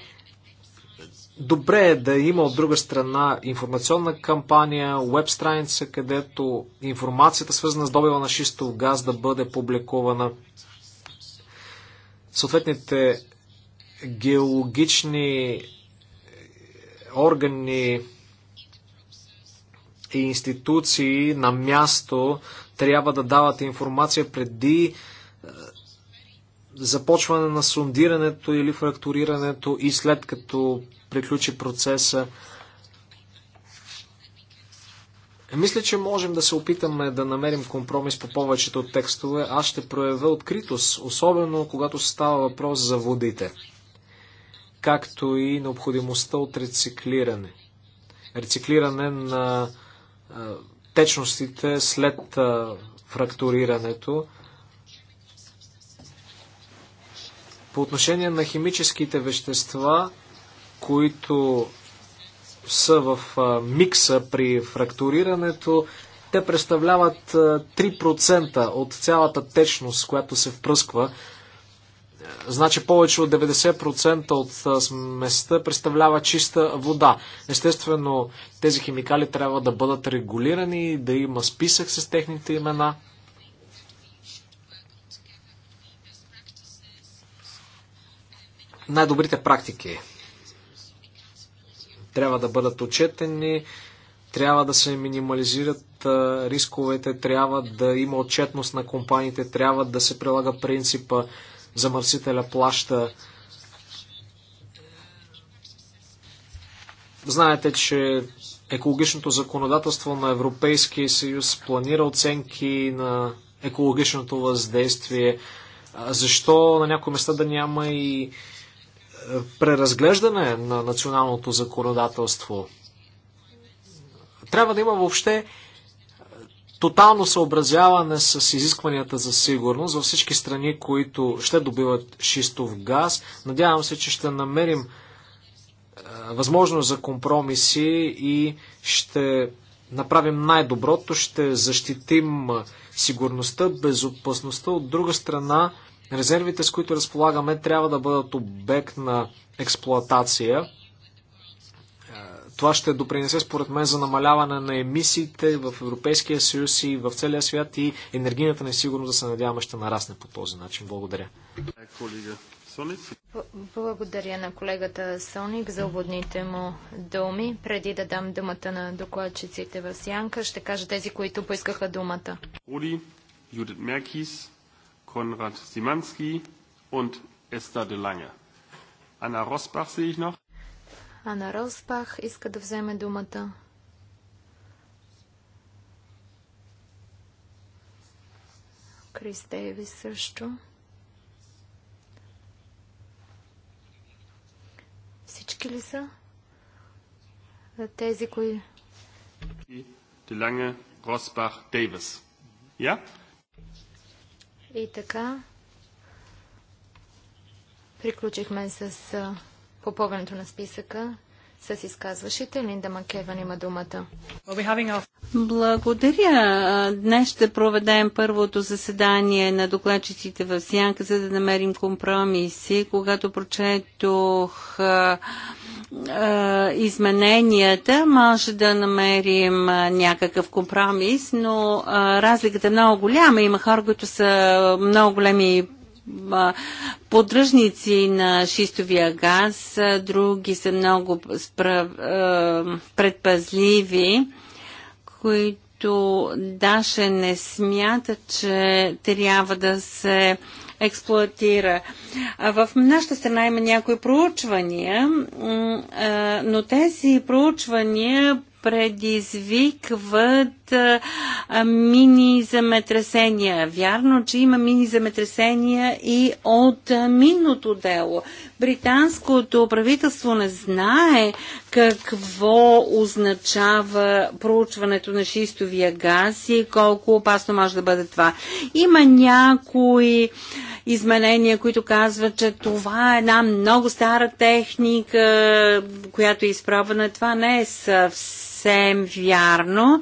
Добре е да има от друга страна информационна кампания, веб страница, където информацията свързана с добива на шистов газ да бъде публикувана. Съответните геологични органи и институции на място трябва да дават информация преди започване на сундирането или фрактурирането и след като приключи процеса. Мисля, че можем да се опитаме да намерим компромис по повечето от текстове. Аз ще проявя откритост, особено когато става въпрос за водите, както и необходимостта от рециклиране. Рециклиране на течностите след фрактурирането. По отношение на химическите вещества, които са в микса при фрактурирането, те представляват 3% от цялата течност, която се впръсква. Значи повече от 90% от сместа представлява чиста вода. Естествено, тези химикали трябва да бъдат регулирани, да има списък с техните имена – най-добрите практики трябва да бъдат отчетени, трябва да се минимализират рисковете, трябва да има отчетност на компаниите, трябва да се прилага принципа замърсителя плаща. Знаете, че екологичното законодателство на Европейския съюз планира оценки на екологичното въздействие. Защо на някои места да няма и преразглеждане на националното законодателство. Трябва да има въобще тотално съобразяване с изискванията за сигурност във всички страни, които ще добиват шистов газ. Надявам се, че ще намерим е, възможност за компромиси и ще направим най-доброто, ще защитим е, сигурността, безопасността. От друга страна, Резервите, с които разполагаме, трябва да бъдат обект на експлоатация. Е, това ще допринесе, според мен, за намаляване на емисиите в Европейския съюз и в целия свят и енергийната несигурност, да се надяваме, ще нарасне по този начин. Благодаря. Благодаря на колегата Соник за уводните му думи. Преди да дам думата на докладчиците в Сянка, ще кажа тези, които поискаха думата. Оли, Юдит Меркис, Konrad Simanski und Esther de Lange. Anna Rosbach sehe ich noch. Анна Росбах иска да вземе думата. Крис Дейвис също. Всички ли са? Тези, кои... Деланге, Росбах, Дейвис. Я? Yeah? И така, приключихме с попълването на списъка с изказващите. Линда Макеван има думата. Благодаря. Днес ще проведем първото заседание на докладчиците в Сянка, за да намерим компромиси. Когато прочетох измененията, може да намерим някакъв компромис, но разликата е много голяма. Има хора, които са много големи поддръжници на шистовия газ, други са много предпазливи, които даже не смятат, че трябва да се експлуатира. В нашата страна има някои проучвания, но тези проучвания предизвикват мини земетресения. Вярно, че има мини земетресения и от минното дело. Британското правителство не знае какво означава проучването на шистовия газ и колко опасно може да бъде това. Има някои изменения, които казват, че това е една много стара техника, която е изправена. Това не е съвсем вярно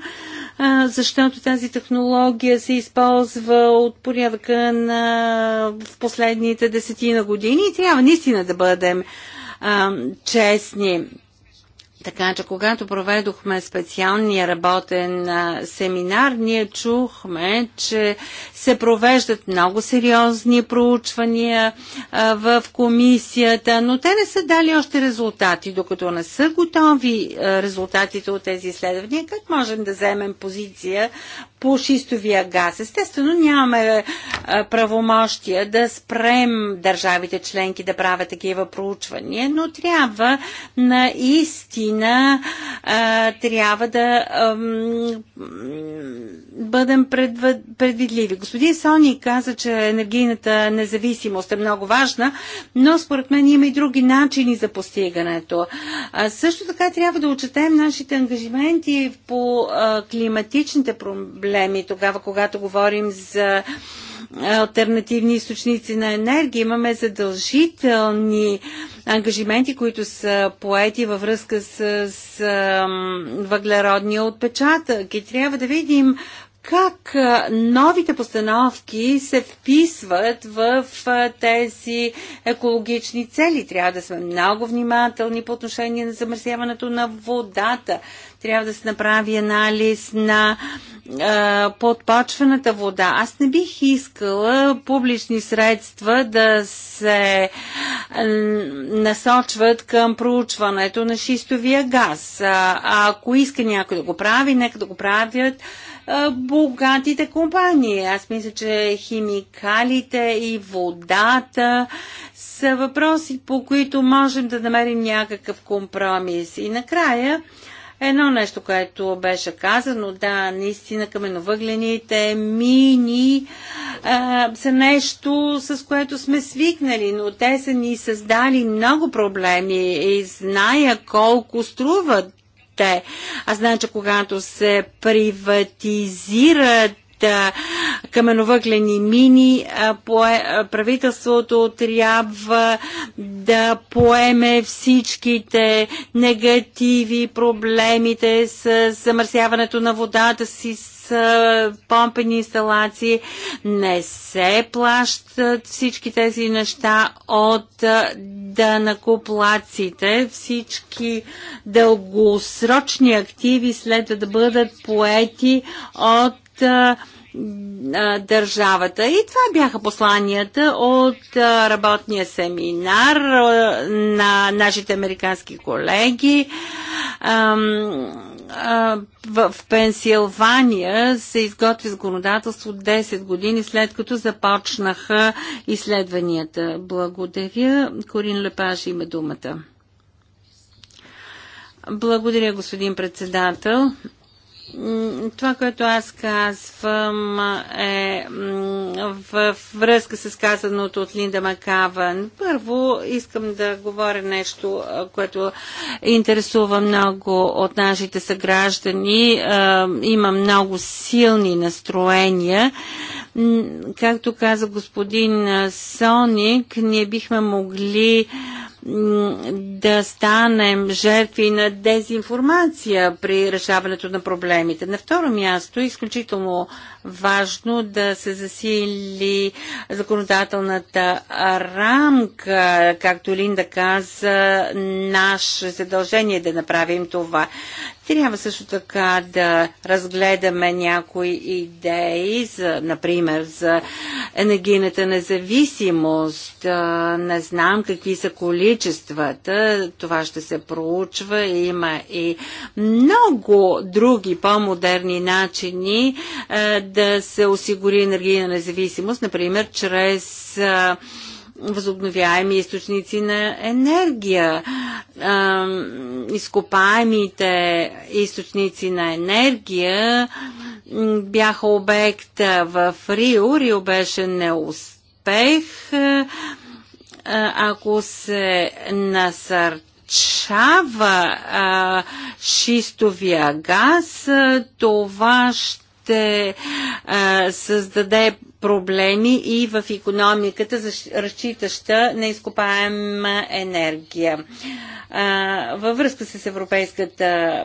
защото тази технология се използва от порядъка на в последните десетина години и трябва наистина да бъдем а, честни. Така че, когато проведохме специалния работен семинар, ние чухме, че се провеждат много сериозни проучвания в комисията, но те не са дали още резултати. Докато не са готови резултатите от тези изследвания, как можем да вземем позиция по шистовия газ? Естествено, нямаме правомощия да спрем държавите членки да правят такива проучвания, но трябва наистина трябва да бъдем предвидливи. Господин Сони каза, че енергийната независимост е много важна, но според мен има и други начини за постигането. А, също така трябва да отчетем нашите ангажименти по а, климатичните проблеми, тогава когато говорим за альтернативни източници на енергия. Имаме задължителни ангажименти, които са поети във връзка с, с въглеродния отпечатък. И трябва да видим как новите постановки се вписват в тези екологични цели. Трябва да сме много внимателни по отношение на замърсяването на водата. Трябва да се направи анализ на е, подпочвената вода. Аз не бих искала публични средства да се е, насочват към проучването на шистовия газ. А, ако иска някой да го прави, нека да го правят богатите компании. Аз мисля, че химикалите и водата са въпроси, по които можем да намерим някакъв компромис. И накрая, едно нещо, което беше казано, да, наистина каменовъглените мини а, са нещо, с което сме свикнали, но те са ни създали много проблеми и зная колко струват те. Аз знам, че когато се приватизират каменовъглени мини, правителството трябва да поеме всичките негативи, проблемите с замърсяването на водата, с помпени инсталации. Не се плащат всички тези неща от а, данакоплаците. Всички дългосрочни активи следва да бъдат поети от държавата. И това бяха посланията от работния семинар на нашите американски колеги в Пенсилвания се изготви законодателство 10 години след като започнаха изследванията. Благодаря. Корин Лепаш има думата. Благодаря, господин председател това, което аз казвам е в връзка с казаното от Линда Макаван. Първо искам да говоря нещо, което интересува много от нашите съграждани. Има много силни настроения. Както каза господин Соник, ние бихме могли да станем жертви на дезинформация при решаването на проблемите. На второ място, изключително важно да се засили законодателната рамка, както Линда каза, наше задължение е да направим това. Трябва също така да разгледаме някои идеи, за, например, за енергийната независимост. Не знам какви са количествата. Това ще се проучва. Има и много други по-модерни начини да се осигури енергийна независимост, например, чрез възобновяеми източници на енергия, изкопаемите източници на енергия бяха обект в Рио. Рио беше неуспех. Ако се насърчава шистовия газ, това ще ще а, създаде проблеми и в економиката, разчитаща на изкопаема енергия. А, във връзка с европейската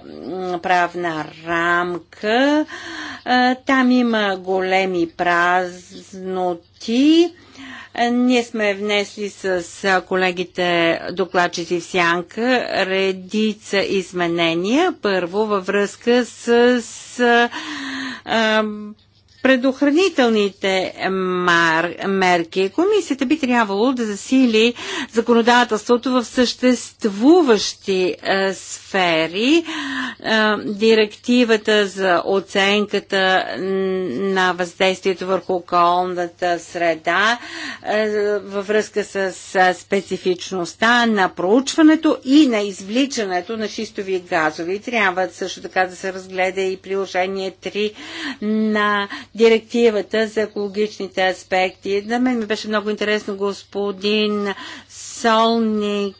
правна рамка, а, там има големи празноти. Ние сме внесли с колегите докладчици в Сянка редица изменения. Първо във връзка с Um, предохранителните мар... мерки. Комисията би трябвало да засили законодателството в съществуващи е, сфери. Е, директивата за оценката на въздействието върху околната среда е, във връзка с, с специфичността на проучването и на извличането на шистови газови. Трябва също така да се разгледа и приложение 3 на директивата за екологичните аспекти. На мен ми беше много интересно господин Солник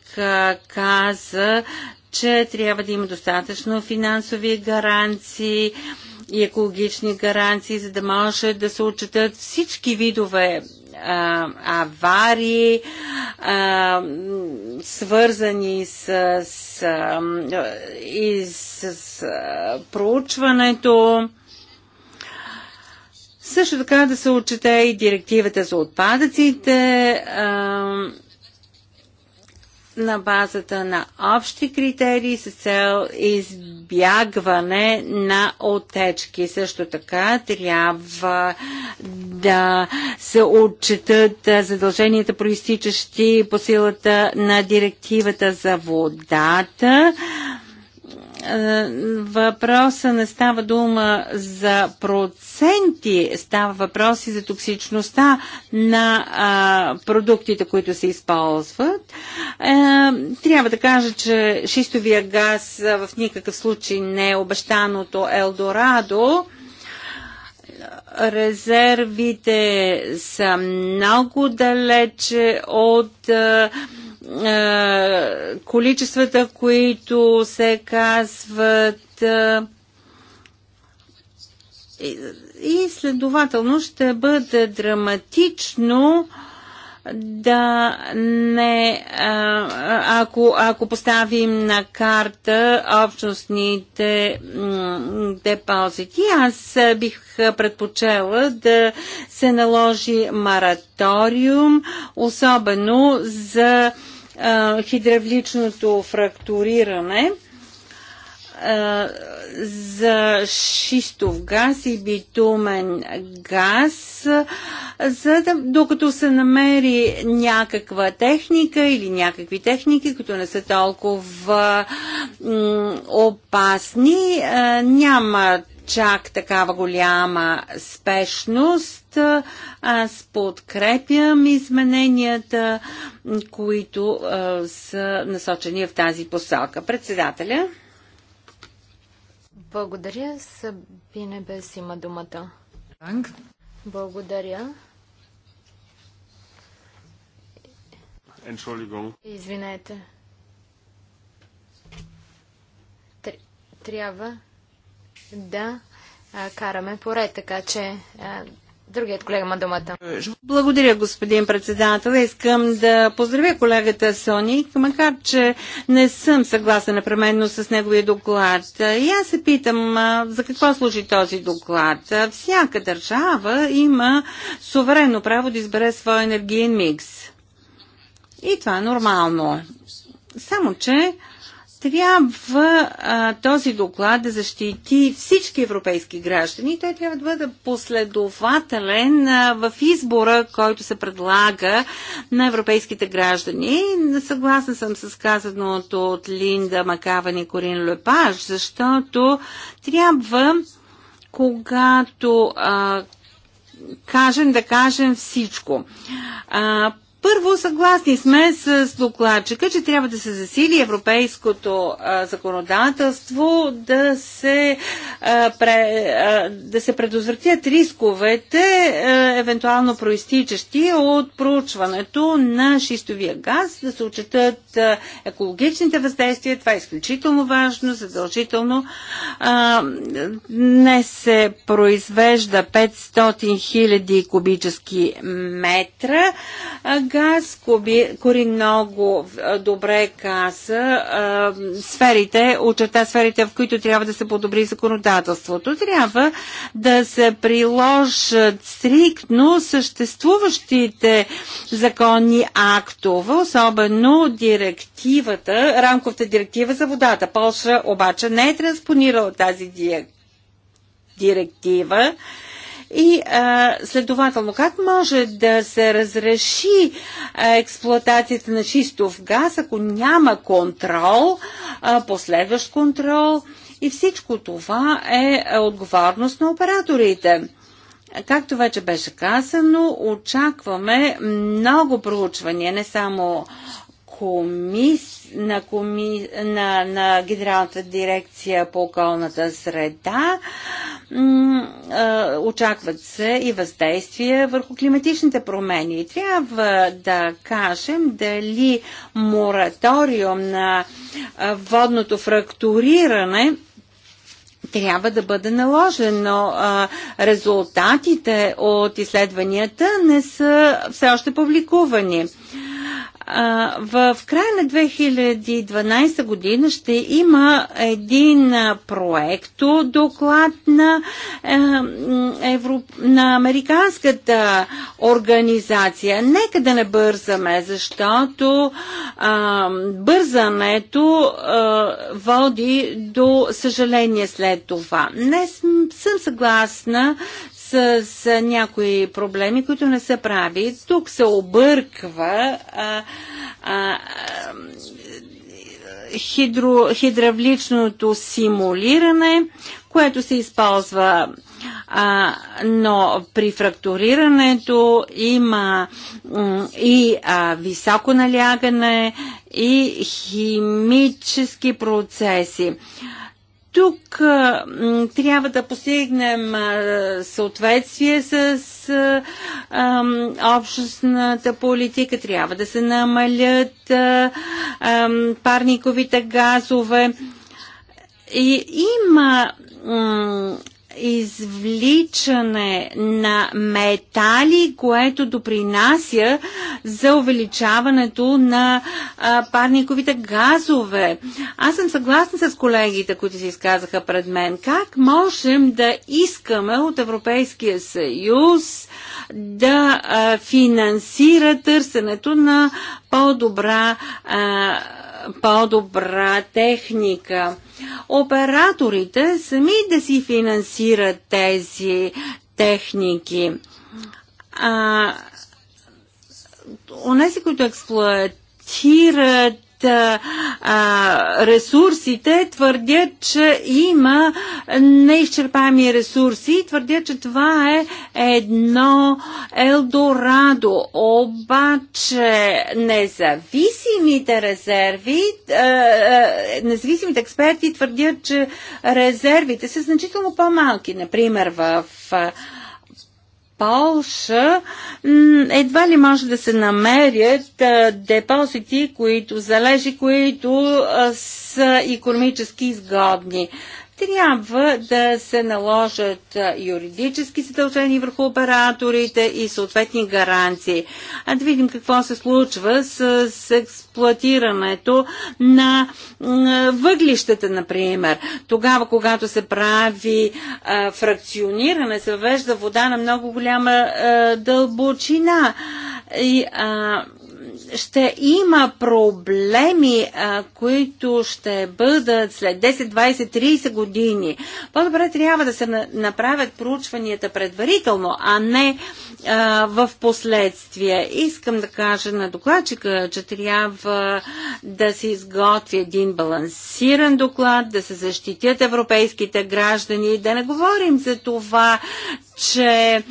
каза, че трябва да има достатъчно финансови гаранции и екологични гаранции, за да може да се отчитат всички видове а, аварии, а, свързани с, с, и с, с проучването също така да се отчете и директивата за отпадъците а, на базата на общи критерии с цел избягване на отечки. Също така трябва да се отчетат задълженията, проистичащи по силата на директивата за водата. А, въпроса не става дума за проценти, става въпрос и за токсичността на а, продуктите, които се използват. А, е, трябва да кажа, че шистовия газ в никакъв случай не е обещаното Елдорадо резервите са много далече от е, количествата, които се казват е, и следователно ще бъде драматично да не. Е, ако, ако поставим на карта общностните депозити, аз бих предпочела да се наложи мораториум, особено за хидравличното фрактуриране за шистов газ и битумен газ, за да, докато се намери някаква техника или някакви техники, които не са толкова опасни, а, нямат чак такава голяма спешност. Аз подкрепям измененията, които а, са насочени в тази посока. Председателя. Благодаря. Сабине Бес има думата. Благодаря. Извинете. Трябва да а, караме поред, така че а, Другият колега има думата. Благодаря, господин председател. Искам да поздравя колегата Соник, макар че не съм съгласен непременно с неговия доклад. И аз се питам за какво служи този доклад. Всяка държава има суверенно право да избере своя енергиен микс. И това е нормално. Само, че трябва а, този доклад да защити всички европейски граждани. Той трябва да бъде последователен а, в избора, който се предлага на европейските граждани. Съгласна съм с казаното от Линда Макаван и Корин Лепаш, защото трябва когато а, кажем да кажем всичко. А, първо, съгласни сме с докладчика, че трябва да се засили европейското а, законодателство, да се, а, пре, а, да се предотвратят рисковете, а, евентуално проистичащи от проучването на шистовия газ, да се отчитат екологичните въздействия. Това е изключително важно, задължително. А, се произвежда 500 000 кубически метра газ газ, Кори много добре каза сферите, очерта сферите, в които трябва да се подобри законодателството. Трябва да се приложат стриктно съществуващите законни актове, особено директивата, рамковата директива за водата. Полша обаче не е транспонирала тази директива. И а, следователно, как може да се разреши експлуатацията на чистов газ, ако няма контрол, а, последващ контрол и всичко това е, е отговорност на операторите. Както вече беше казано, очакваме много проучвания, не само комис, на, коми, на, на Генералната дирекция по околната среда. Очакват се и въздействия върху климатичните промени. трябва да кажем дали мораториум на водното фрактуриране трябва да бъде наложен, но а, резултатите от изследванията не са все още публикувани. А, в края на 2012 година ще има един проекто доклад на, е, на Американската организация. Нека да не бързаме, защото бързането води до съжаление след това. Не съм съгласна с, с някои проблеми, които не се прави. Тук се обърква а, а, хидро, хидравличното симулиране, което се използва, а, но при фрактурирането има и а, високо налягане и химически процеси. А, тук а, трябва да постигнем а, съответствие с а, общностната политика, трябва да се намалят парниковите газове. И има извличане на метали, което допринася за увеличаването на а, парниковите газове. Аз съм съгласна с колегите, които се изказаха пред мен. Как можем да искаме от Европейския съюз да а, финансира търсенето на по-добра по-добра техника. Операторите сами да си финансират тези техники. А, онези, които експлуатират а, ресурсите, твърдят, че има неизчерпаеми ресурси и твърдят, че това е едно Елдорадо. Обаче независимите резерви, а, независимите експерти твърдят, че резервите са значително по-малки. Например, в а, Полша едва ли може да се намерят депозити, които залежи, които са економически изгодни трябва да се наложат юридически задължения върху операторите и съответни гаранции. А да видим какво се случва с, експлуатирането на въглищата, например. Тогава, когато се прави фракциониране, се въвежда вода на много голяма дълбочина. И, а, ще има проблеми, а, които ще бъдат след 10, 20, 30 години. По-добре трябва да се направят проучванията предварително, а не а, в последствие. Искам да кажа на докладчика, че трябва да се изготви един балансиран доклад, да се защитят европейските граждани, да не говорим за това, че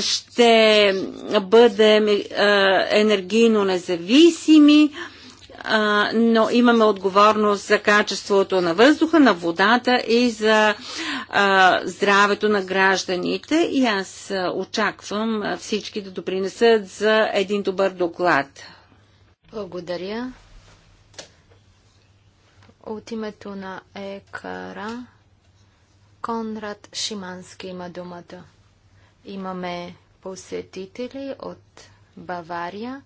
ще бъдем енергийно независими но имаме отговорност за качеството на въздуха, на водата и за здравето на гражданите. И аз очаквам всички да допринесат за един добър доклад. Благодаря. От името на ЕКАРА Конрад Шимански има думата. Имаме посетители от Бавария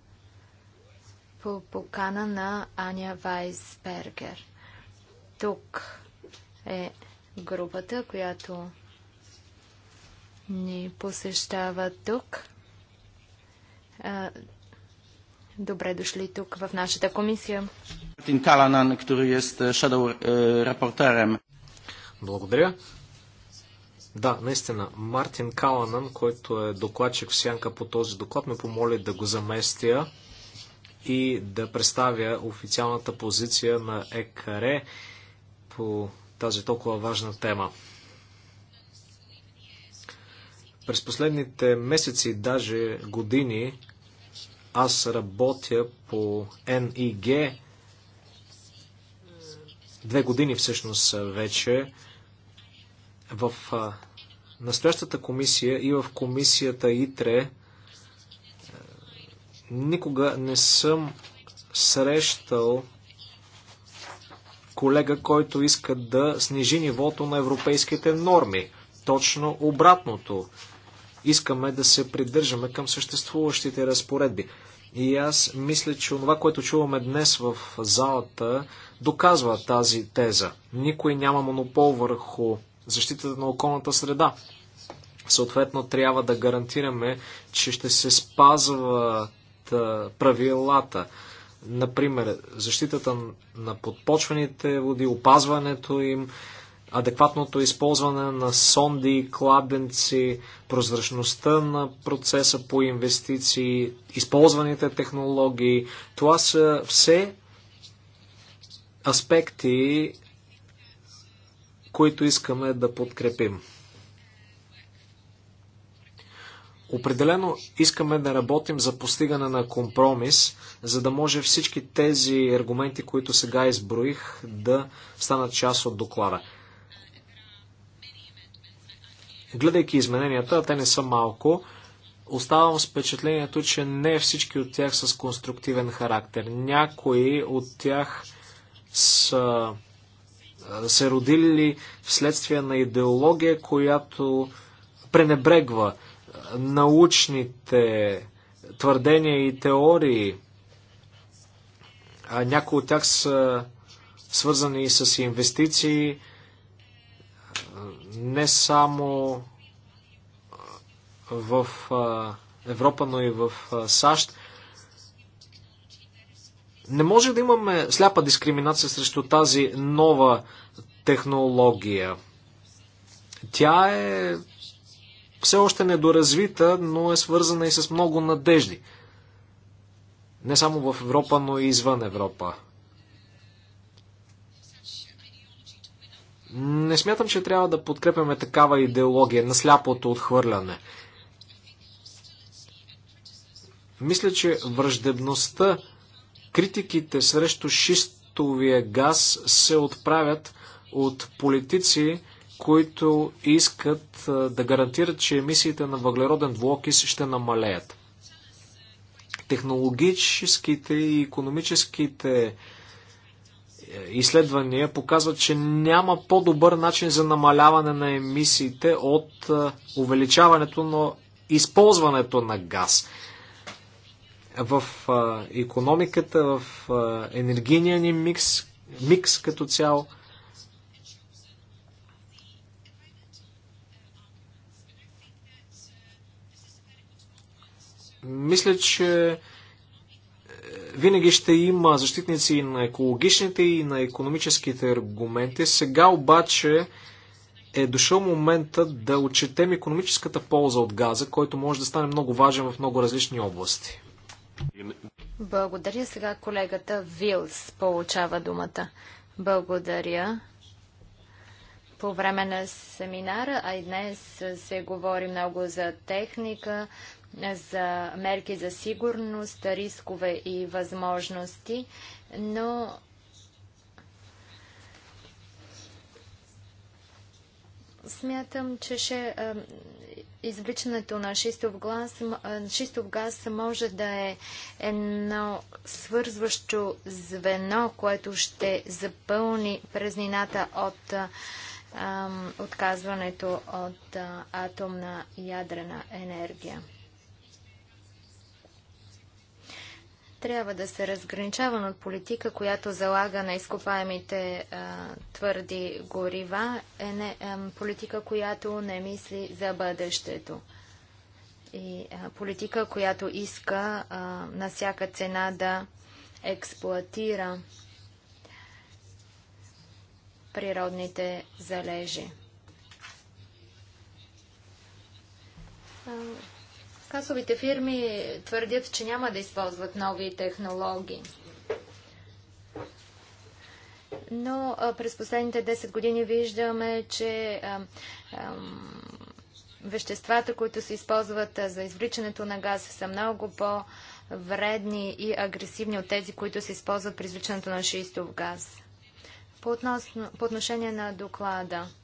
по покана на Аня Вайсбергер. Тук е групата, която ни посещава тук. Добре дошли тук в нашата комисия. Мартин Каланан, э, э, Благодаря. Да, наистина, Мартин Каланан, който е докладчик в сянка по този доклад, ме помоли да го заместя и да представя официалната позиция на ЕКР по тази толкова важна тема. През последните месеци, даже години, аз работя по НИГ. Две години всъщност вече. В настоящата комисия и в комисията ИТРЕ Никога не съм срещал колега, който иска да снижи нивото на европейските норми. Точно обратното. Искаме да се придържаме към съществуващите разпоредби. И аз мисля, че това, което чуваме днес в залата, доказва тази теза. Никой няма монопол върху защитата на околната среда. Съответно, трябва да гарантираме, че ще се спазва правилата. Например, защитата на подпочвените води, опазването им, адекватното използване на сонди, кладенци, прозрачността на процеса по инвестиции, използваните технологии. Това са все аспекти, които искаме да подкрепим. Определено искаме да работим за постигане на компромис, за да може всички тези аргументи, които сега изброих, да станат част от доклада. Гледайки измененията, те не са малко, оставам с впечатлението, че не всички от тях са с конструктивен характер. Някои от тях са се родили вследствие на идеология, която пренебрегва научните твърдения и теории. Някои от тях са свързани и с инвестиции, не само в Европа, но и в САЩ. Не може да имаме сляпа дискриминация срещу тази нова технология. Тя е все още недоразвита, но е свързана и с много надежди. Не само в Европа, но и извън Европа. Не смятам, че трябва да подкрепяме такава идеология на сляпото отхвърляне. Мисля, че враждебността, критиките срещу шистовия газ се отправят от политици, които искат да гарантират, че емисиите на въглероден двуокис ще намалеят. Технологическите и економическите е, изследвания показват, че няма по-добър начин за намаляване на емисиите от е, увеличаването на използването на газ. В економиката, в е, енергийния ни микс, микс като цяло – Мисля, че е, винаги ще има защитници и на екологичните, и на економическите аргументи. Сега обаче е дошъл момента да отчетем економическата полза от газа, който може да стане много важен в много различни области. Благодаря. Сега колегата Вилс получава думата. Благодаря. По време на семинара, а и днес се говори много за техника, за мерки за сигурност, рискове и възможности, но смятам, че ще, извличането на шистов глас, шистов газ може да е едно свързващо звено, което ще запълни празнината от отказването от атомна ядрена енергия. трябва да се разграничаваме от политика, която залага на изкопаемите твърди горива, е не, а, политика, която не мисли за бъдещето. И а, политика, която иска а, на всяка цена да експлуатира природните залежи. Касовите фирми твърдят, че няма да използват нови технологии. Но през последните 10 години виждаме, че веществата, които се използват за извличането на газ, са много по-вредни и агресивни от тези, които се използват при извличането на шистов газ. По, относно, по отношение на доклада –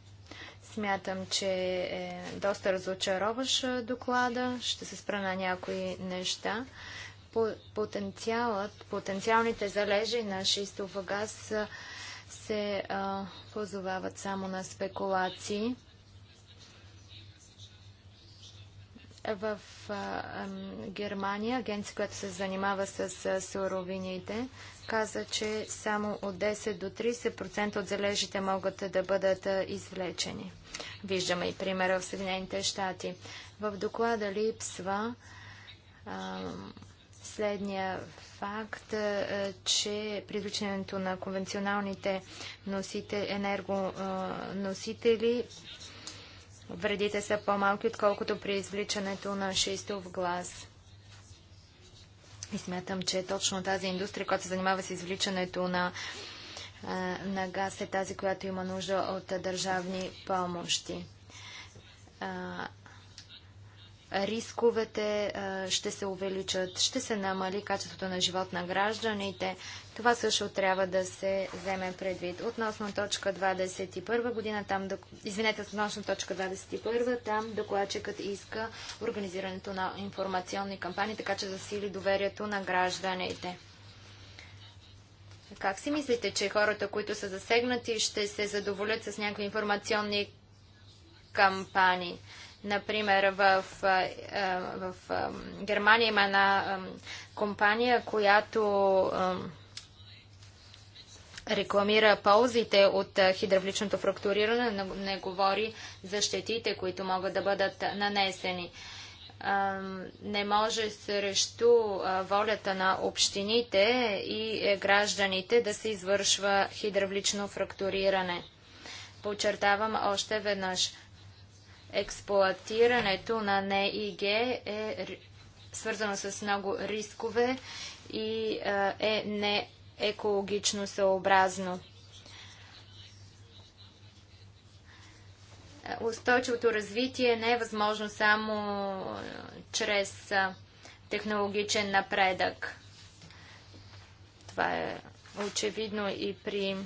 Смятам, че е доста разочароваш доклада. Ще се спра на някои неща. Потенциалът, потенциалните залежи на шистов газ се а, позовават само на спекулации. в а, Германия, агенция, която се занимава с а, суровините, каза, че само от 10 до 30% от залежите могат да бъдат извлечени. Виждаме и примера в Съединените щати. В доклада липсва следния факт, че привличането на конвенционалните носите, енергоносители вредите са по-малки, отколкото при извличането на шестов глас. И смятам, че точно тази индустрия, която се занимава с извличането на, на газ, е тази, която има нужда от държавни помощи рисковете ще се увеличат, ще се намали качеството на живот на гражданите. Това също трябва да се вземе предвид. Относно точка 21 година, там, извинете, относно точка 21, там докладчикът иска организирането на информационни кампании, така че засили доверието на гражданите. Как си мислите, че хората, които са засегнати, ще се задоволят с някакви информационни кампании? Например, в, в Германия има една компания, която рекламира ползите от хидравличното фрактуриране, но не говори за щетите, които могат да бъдат нанесени. Не може срещу волята на общините и е, гражданите да се извършва хидравлично фрактуриране. Подчертавам още веднъж – Експлоатирането на НИГ е свързано с много рискове и е не екологично съобразно. Устойчивото развитие не е възможно само чрез технологичен напредък. Това е очевидно и при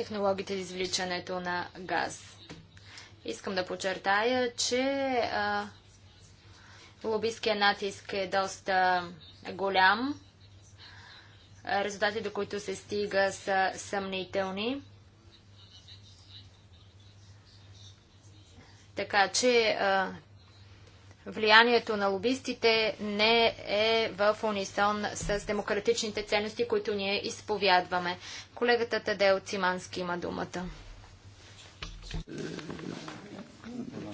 технологиите за извличането на газ. Искам да подчертая, че а, натиск е доста голям. Резултатите, до които се стига, са съмнителни. Така че а, влиянието на лобистите не е в унисон с демократичните ценности, които ние изповядваме. Колегата Тадел Цимански има думата.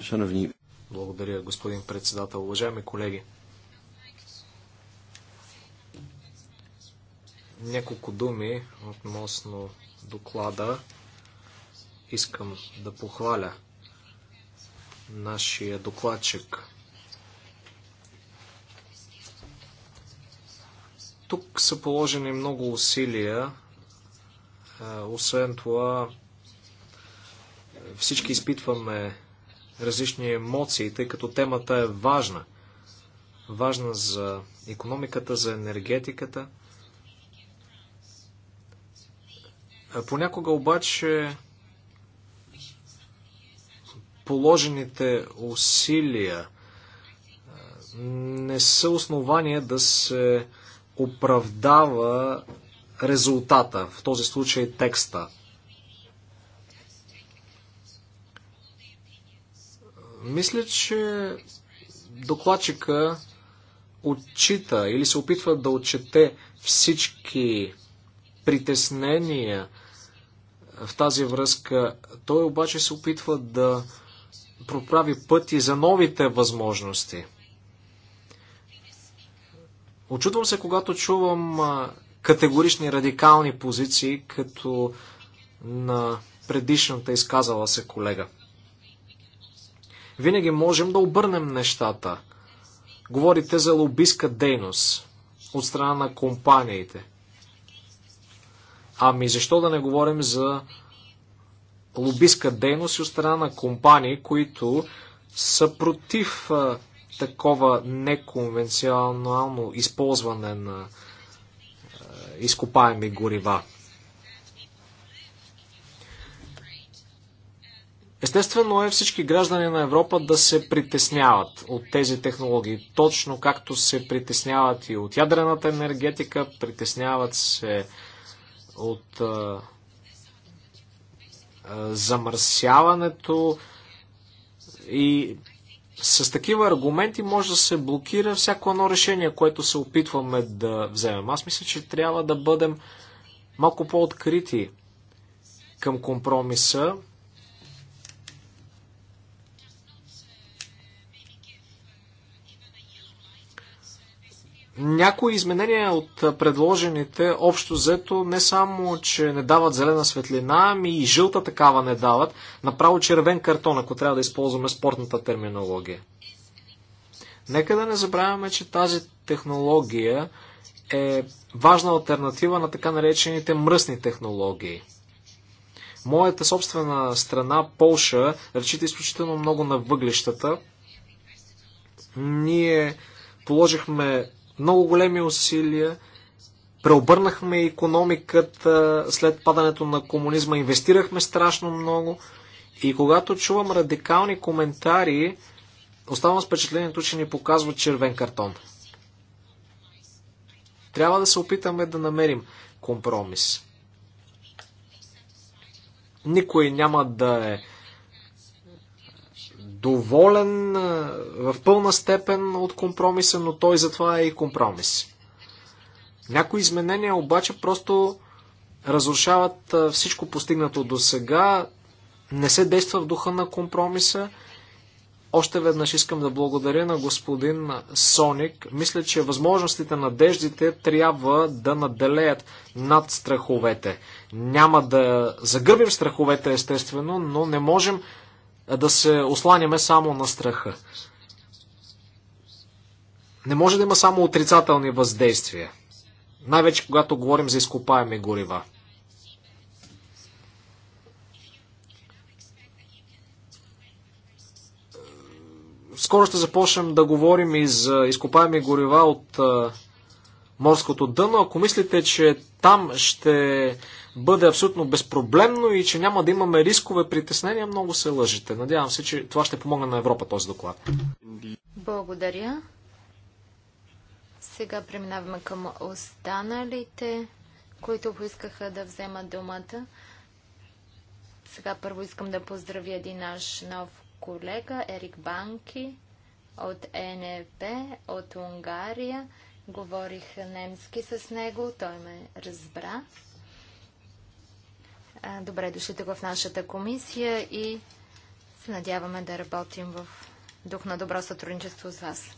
Шановни. Благодаря, господин председател. Уважаеми колеги, няколко думи относно доклада. Искам да похваля нашия докладчик Тук са положени много усилия. Е, освен това, всички изпитваме различни емоции, тъй като темата е важна. Важна за економиката, за енергетиката. Понякога обаче положените усилия е, не са основания да се оправдава резултата, в този случай текста. Мисля, че докладчика отчита или се опитва да отчете всички притеснения в тази връзка. Той обаче се опитва да проправи пъти за новите възможности – Очудвам се, когато чувам категорични радикални позиции, като на предишната изказала се колега. Винаги можем да обърнем нещата. Говорите за лобистка дейност от страна на компаниите. Ами защо да не говорим за лобистка дейност от страна на компании, които са против такова неконвенционално използване на е, изкопаеми горива. Естествено е всички граждани на Европа да се притесняват от тези технологии, точно както се притесняват и от ядрената енергетика, притесняват се от а, е, а, е, замърсяването и с такива аргументи може да се блокира всяко едно решение, което се опитваме да вземем. Аз мисля, че трябва да бъдем малко по-открити към компромиса Някои изменения от предложените общо взето не само, че не дават зелена светлина, ами и жълта такава не дават, направо червен картон, ако трябва да използваме спортната терминология. Нека да не забравяме, че тази технология е важна альтернатива на така наречените мръсни технологии. Моята собствена страна, Полша, речите изключително много на въглищата. Ние положихме много големи усилия. Преобърнахме економиката след падането на комунизма, инвестирахме страшно много. И когато чувам радикални коментари, оставам с впечатлението, че ни показва червен картон. Трябва да се опитаме да намерим компромис. Никой няма да е доволен в пълна степен от компромиса, но той затова е и компромис. Някои изменения обаче просто разрушават всичко постигнато до сега, не се действа в духа на компромиса. Още веднъж искам да благодаря на господин Соник. Мисля, че възможностите, надеждите трябва да наделеят над страховете. Няма да загърбим страховете, естествено, но не можем да се осланяме само на страха. Не може да има само отрицателни въздействия. Най-вече когато говорим за изкопаеми горива. Скоро ще започнем да говорим и за изкопаеми горива от морското дъно, ако мислите, че там ще бъде абсолютно безпроблемно и че няма да имаме рискове, притеснения, много се лъжите. Надявам се, че това ще помогне на Европа този доклад. Благодаря. Сега преминаваме към останалите, които поискаха да вземат думата. Сега първо искам да поздравя един наш нов колега, Ерик Банки от ЕНФ, от Унгария. Говорих немски с него, той ме разбра. Добре дошли в нашата комисия и се надяваме да работим в дух на добро сътрудничество с вас.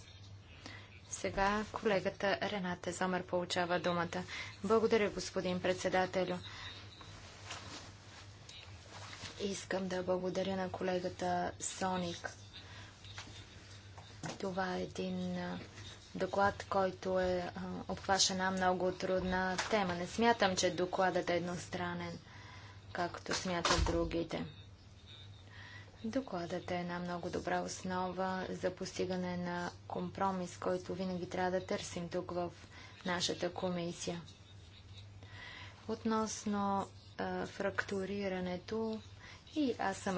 Сега колегата Рената Замер получава думата. Благодаря, господин председателю. Искам да благодаря на колегата Соник. Това е един доклад, който е обхваща една много трудна тема. Не смятам, че докладът е едностранен, както смятат другите. Докладът е една много добра основа за постигане на компромис, който винаги трябва да търсим тук в нашата комисия. Относно а, фрактурирането и аз съм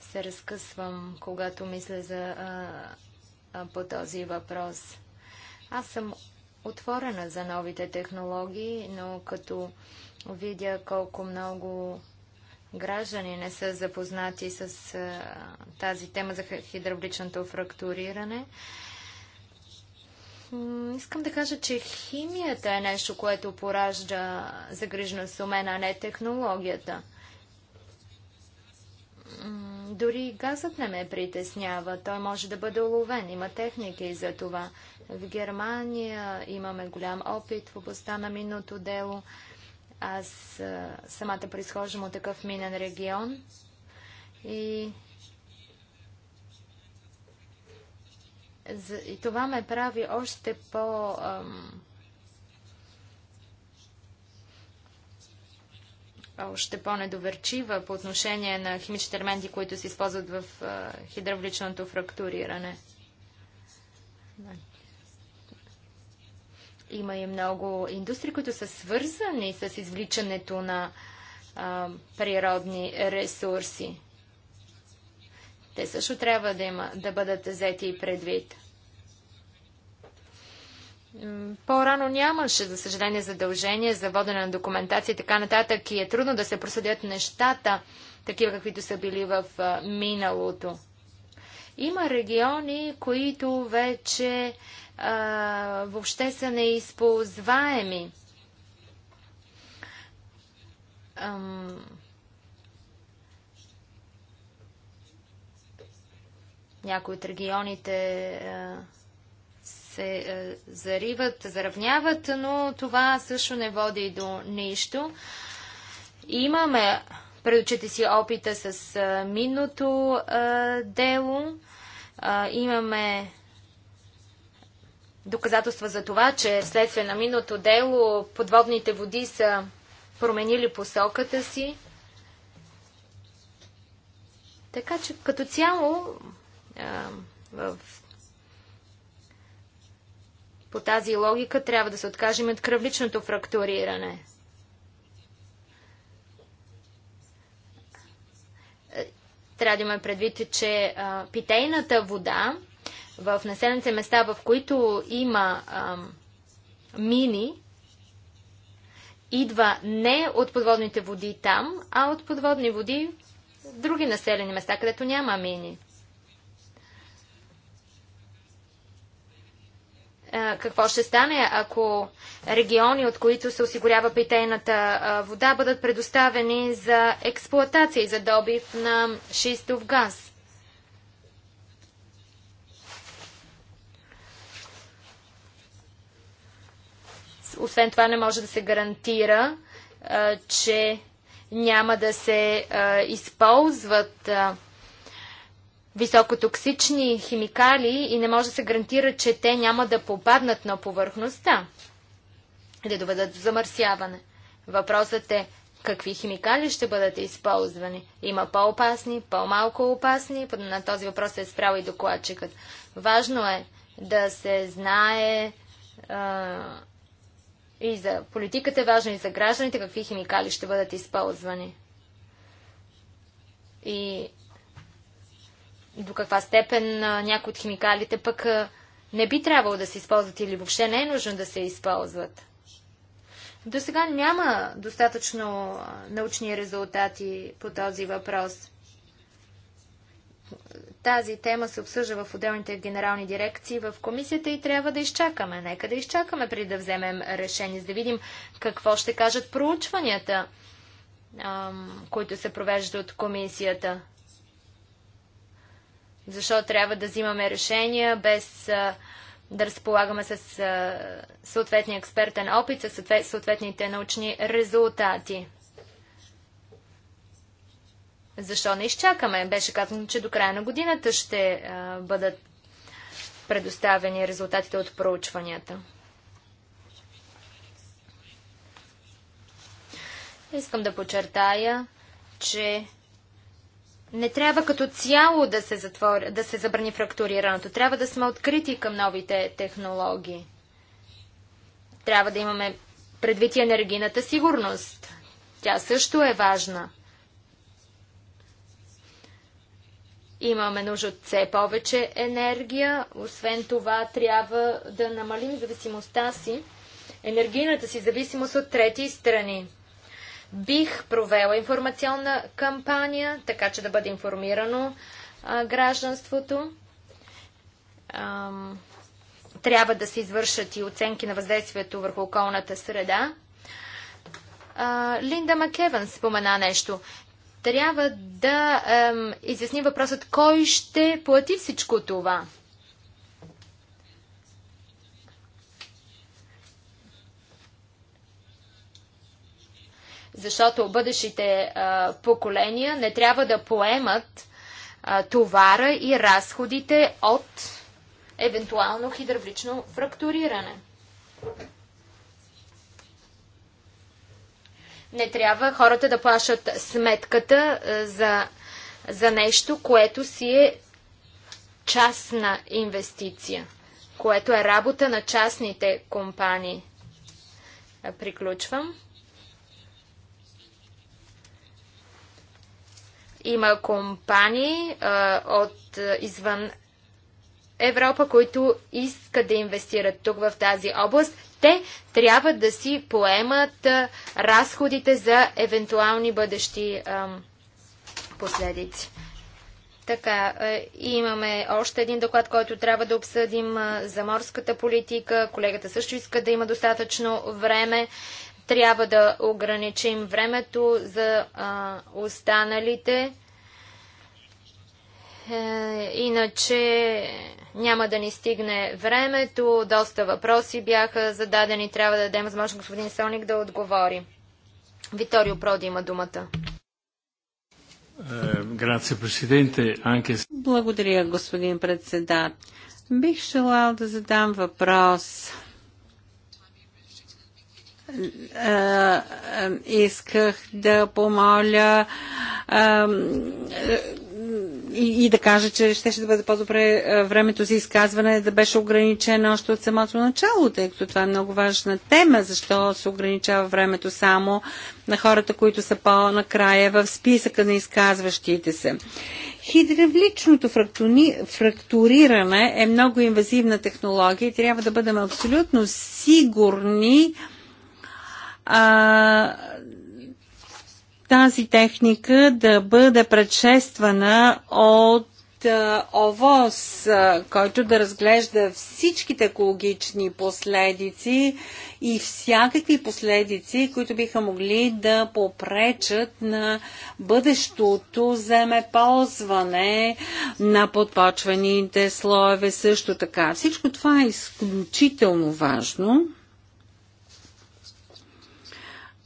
се разкъсвам, когато мисля за а, по този въпрос. Аз съм отворена за новите технологии, но като видя колко много граждани не са запознати с тази тема за хидравличното фрактуриране, Искам да кажа, че химията е нещо, което поражда загрижност у мен, а не технологията. Дори газът не ме притеснява. Той може да бъде уловен. Има техники за това. В Германия имаме голям опит в областта на минното дело. Аз самата произхождам от такъв минен регион. И... и това ме прави още по... Ам още по-недоверчива по отношение на химичните елементи, които се използват в хидравличното фрактуриране. Има и много индустрии, които са свързани с извличането на а, природни ресурси. Те също трябва да, има, да бъдат взети и предвид. По-рано нямаше, за съжаление, задължение за водене на документация и така нататък и е трудно да се проследят нещата, такива каквито са били в миналото. Има региони, които вече а, въобще са неизползваеми. Ам... Някои от регионите а се е, зариват, заравняват, но това също не води до нищо. Имаме пред очите си опита с е, минното е, дело. Имаме доказателства за това, че следствие на миното дело подводните води са променили посоката си. Така че като цяло в по тази логика трябва да се откажем от кръвличното фрактуриране. Е, трябва да имаме предвид, че питейната вода в населените места, в които има а, мини, идва не от подводните води там, а от подводни води в други населени места, където няма мини. какво ще стане, ако региони, от които се осигурява питейната вода, бъдат предоставени за експлоатация и за добив на шистов газ. Освен това не може да се гарантира, че няма да се използват високотоксични химикали и не може да се гарантира, че те няма да попаднат на повърхността да доведат до замърсяване. Въпросът е какви химикали ще бъдат използвани. Има по-опасни, по-малко опасни. На този въпрос е справил и докладчикът. Важно е да се знае а, и за политиката е важно и за гражданите какви химикали ще бъдат използвани. И до каква степен някои от химикалите пък не би трябвало да се използват или въобще не е нужно да се използват. До сега няма достатъчно научни резултати по този въпрос. Тази тема се обсъжда в отделните генерални дирекции в комисията и трябва да изчакаме. Нека да изчакаме преди да вземем решение, за да видим какво ще кажат проучванията, които се провеждат от комисията защо трябва да взимаме решения без да разполагаме с съответния експертен опит, с съответните научни резултати. Защо не изчакаме? Беше казано, че до края на годината ще бъдат предоставени резултатите от проучванията. Искам да подчертая, че не трябва като цяло да се, затвори, да се забрани фрактурирането. Трябва да сме открити към новите технологии. Трябва да имаме предвид и енергийната сигурност. Тя също е важна. Имаме нужда от все повече енергия. Освен това, трябва да намалим зависимостта си, енергийната си зависимост от трети страни. Бих провела информационна кампания, така че да бъде информирано а, гражданството. А, трябва да се извършат и оценки на въздействието върху околната среда. А, Линда Макеван спомена нещо. Трябва да ем, изясни въпросът кой ще плати всичко това. защото бъдещите а, поколения не трябва да поемат а, товара и разходите от евентуално хидравлично фрактуриране. Не трябва хората да плащат сметката а, за, за нещо, което си е частна инвестиция, което е работа на частните компании. Приключвам. Има компании а, от а, извън Европа, които искат да инвестират тук в тази област. Те трябва да си поемат а, разходите за евентуални бъдещи а, последици. Така, имаме още един доклад, който трябва да обсъдим за морската политика. Колегата също иска да има достатъчно време. Трябва да ограничим времето за а, останалите. Е, иначе няма да ни стигне времето. Доста въпроси бяха зададени. Трябва да дадем възможност господин Соник да отговори. Виторио Проди има думата. Е, Благодаря, господин председател. Бих желал да задам въпрос е, е, исках да помоля е, и, и да кажа, че ще, ще бъде по-добре времето за изказване да беше ограничено още от самото начало, тъй като това е много важна тема, защо се ограничава времето само на хората, които са по-накрая в списъка на изказващите се. Хидравличното фрактуни... фрактуриране е много инвазивна технология и трябва да бъдем абсолютно сигурни, а, тази техника да бъде предшествана от ОВОС, който да разглежда всичките екологични последици и всякакви последици, които биха могли да попречат на бъдещото земеползване на подпочвените слоеве също така. Всичко това е изключително важно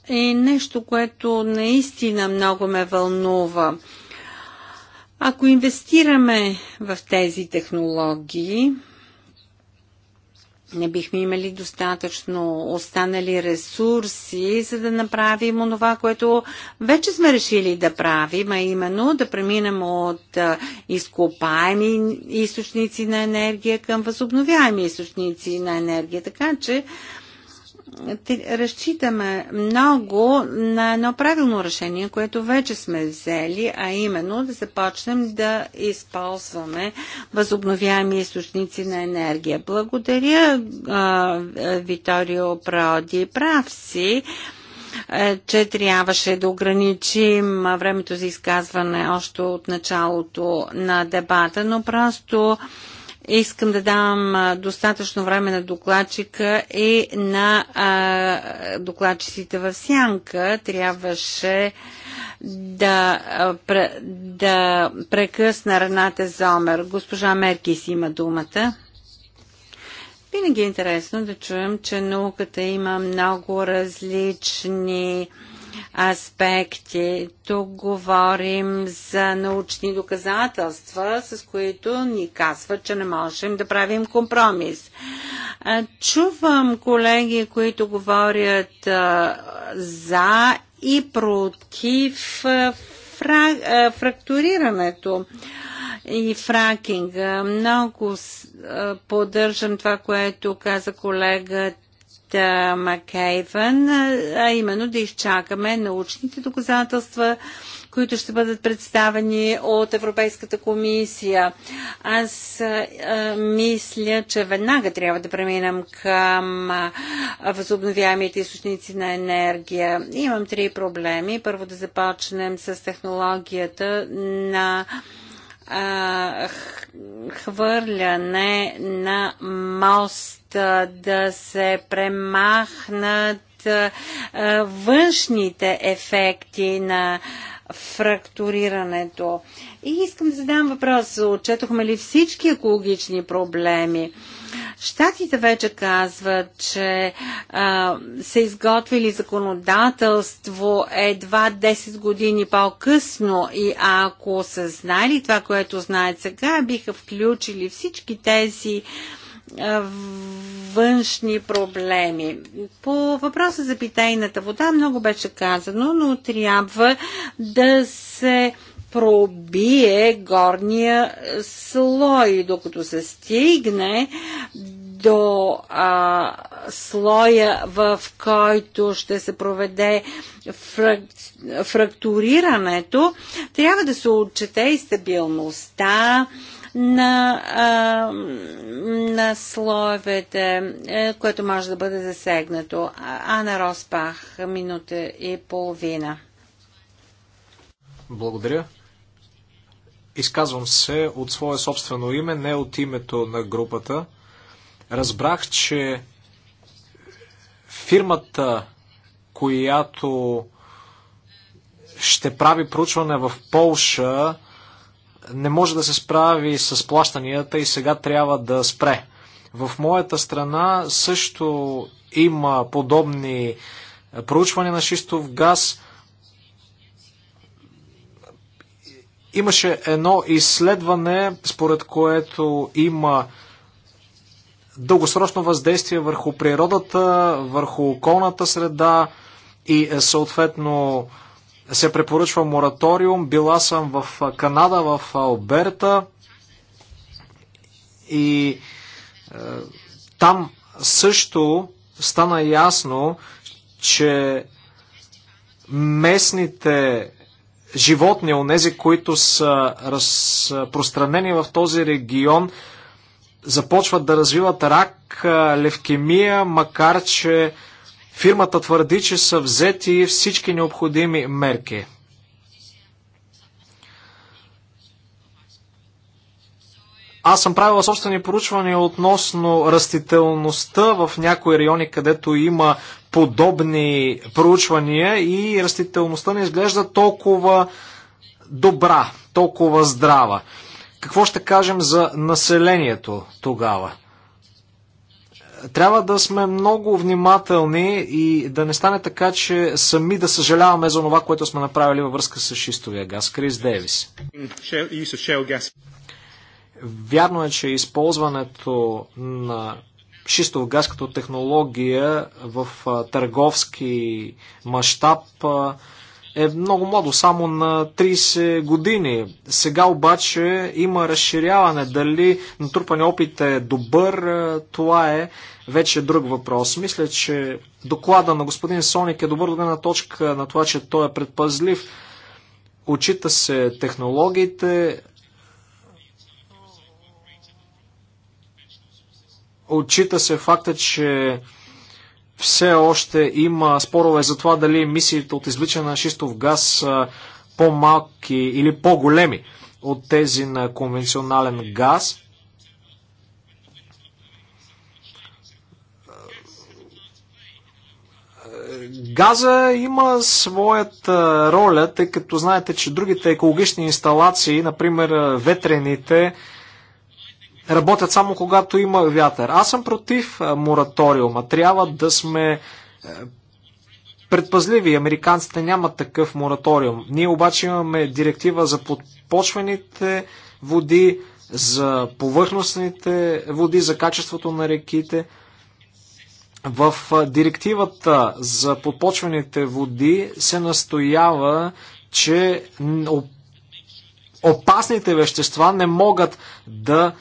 е нещо, което наистина много ме вълнува. Ако инвестираме в тези технологии, не бихме имали достатъчно останали ресурси, за да направим онова, което вече сме решили да правим, а именно да преминем от изкопаеми източници на енергия към възобновяеми източници на енергия. Така че разчитаме много на едно правилно решение, което вече сме взели, а именно да започнем да използваме възобновяеми източници на енергия. Благодаря, Виторио Проди. Прав си е, че трябваше да ограничим времето за изказване още от началото на дебата, но просто Искам да дам достатъчно време на докладчика и на а, докладчиците в сянка. Трябваше да, да прекъсна Рената Зомер. Госпожа Меркис има думата. Винаги е интересно да чуем, че науката има много различни аспекти. Тук говорим за научни доказателства, с които ни казват, че не можем да правим компромис. Чувам колеги, които говорят за и против фрактурирането и фракинга. Много поддържам това, което каза колегата колегата Макейвън, а именно да изчакаме научните доказателства, които ще бъдат представени от Европейската комисия. Аз а, мисля, че веднага трябва да преминам към възобновяемите източници на енергия. Имам три проблеми. Първо да започнем с технологията на а, хвърляне на мост, да се премахнат външните ефекти на фрактурирането. И искам да задам въпрос. Отчетохме ли всички екологични проблеми? Штатите вече казват, че а, са изготвили законодателство едва 10 години по-късно и ако са знали това, което знаят сега, биха включили всички тези външни проблеми. По въпроса за питейната вода много беше казано, но трябва да се пробие горния е, слой, докато се стигне до а, слоя, в който ще се проведе фрак... фрактурирането, трябва да се отчете и стабилността на, а, на слоевете, е, което може да бъде засегнато. а на Роспах, минута и половина. Благодаря. Изказвам се от свое собствено име, не от името на групата. Разбрах, че фирмата, която ще прави проучване в Полша, не може да се справи с плащанията и сега трябва да спре. В моята страна също има подобни проучвания на шистов газ – Имаше едно изследване, според което има дългосрочно въздействие върху природата, върху околната среда и е, съответно се препоръчва мораториум. Била съм в е, Канада, в е, Алберта и е, там също стана ясно, че местните животни, онези, които са разпространени в този регион, започват да развиват рак, левкемия, макар че фирмата твърди, че са взети всички необходими мерки. Аз съм правила собствени поручвания относно растителността в някои райони, където има подобни проучвания и растителността не изглежда толкова добра, толкова здрава. Какво ще кажем за населението тогава? Трябва да сме много внимателни и да не стане така, че сами да съжаляваме за това, което сме направили във връзка с шистовия газ. Крис Дейвис. Вярно е, че използването на шистов газ като технология в търговски мащаб е много младо, само на 30 години. Сега обаче има разширяване. Дали натрупани опит е добър, това е вече друг въпрос. Мисля, че доклада на господин Соник е добър гледна точка на това, че той е предпазлив. Очита се технологиите, Отчита се факта, че все още има спорове за това дали емисиите от извличане на шистов газ са по-малки или по-големи от тези на конвенционален газ. Газа има своята роля, тъй като знаете, че другите екологични инсталации, например ветрените, работят само когато има вятър. Аз съм против мораториума. Трябва да сме е, предпазливи. Американците нямат такъв мораториум. Ние обаче имаме директива за подпочвените води, за повърхностните води, за качеството на реките. В директивата за подпочвените води се настоява, че опасните вещества не могат да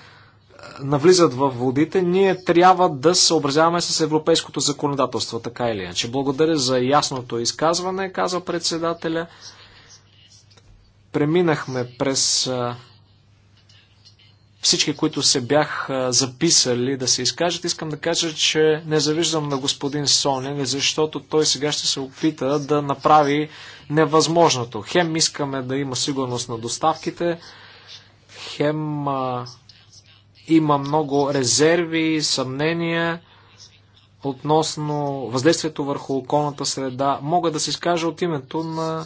навлизат в водите, ние трябва да съобразяваме с европейското законодателство, така или иначе. Благодаря за ясното изказване, каза председателя. Преминахме през всички, които се бях записали да се изкажат. Искам да кажа, че не завиждам на господин Сонен, защото той сега ще се опита да направи невъзможното. Хем искаме да има сигурност на доставките, хем има много резерви, съмнения относно въздействието върху околната среда. Мога да се изкажа от името на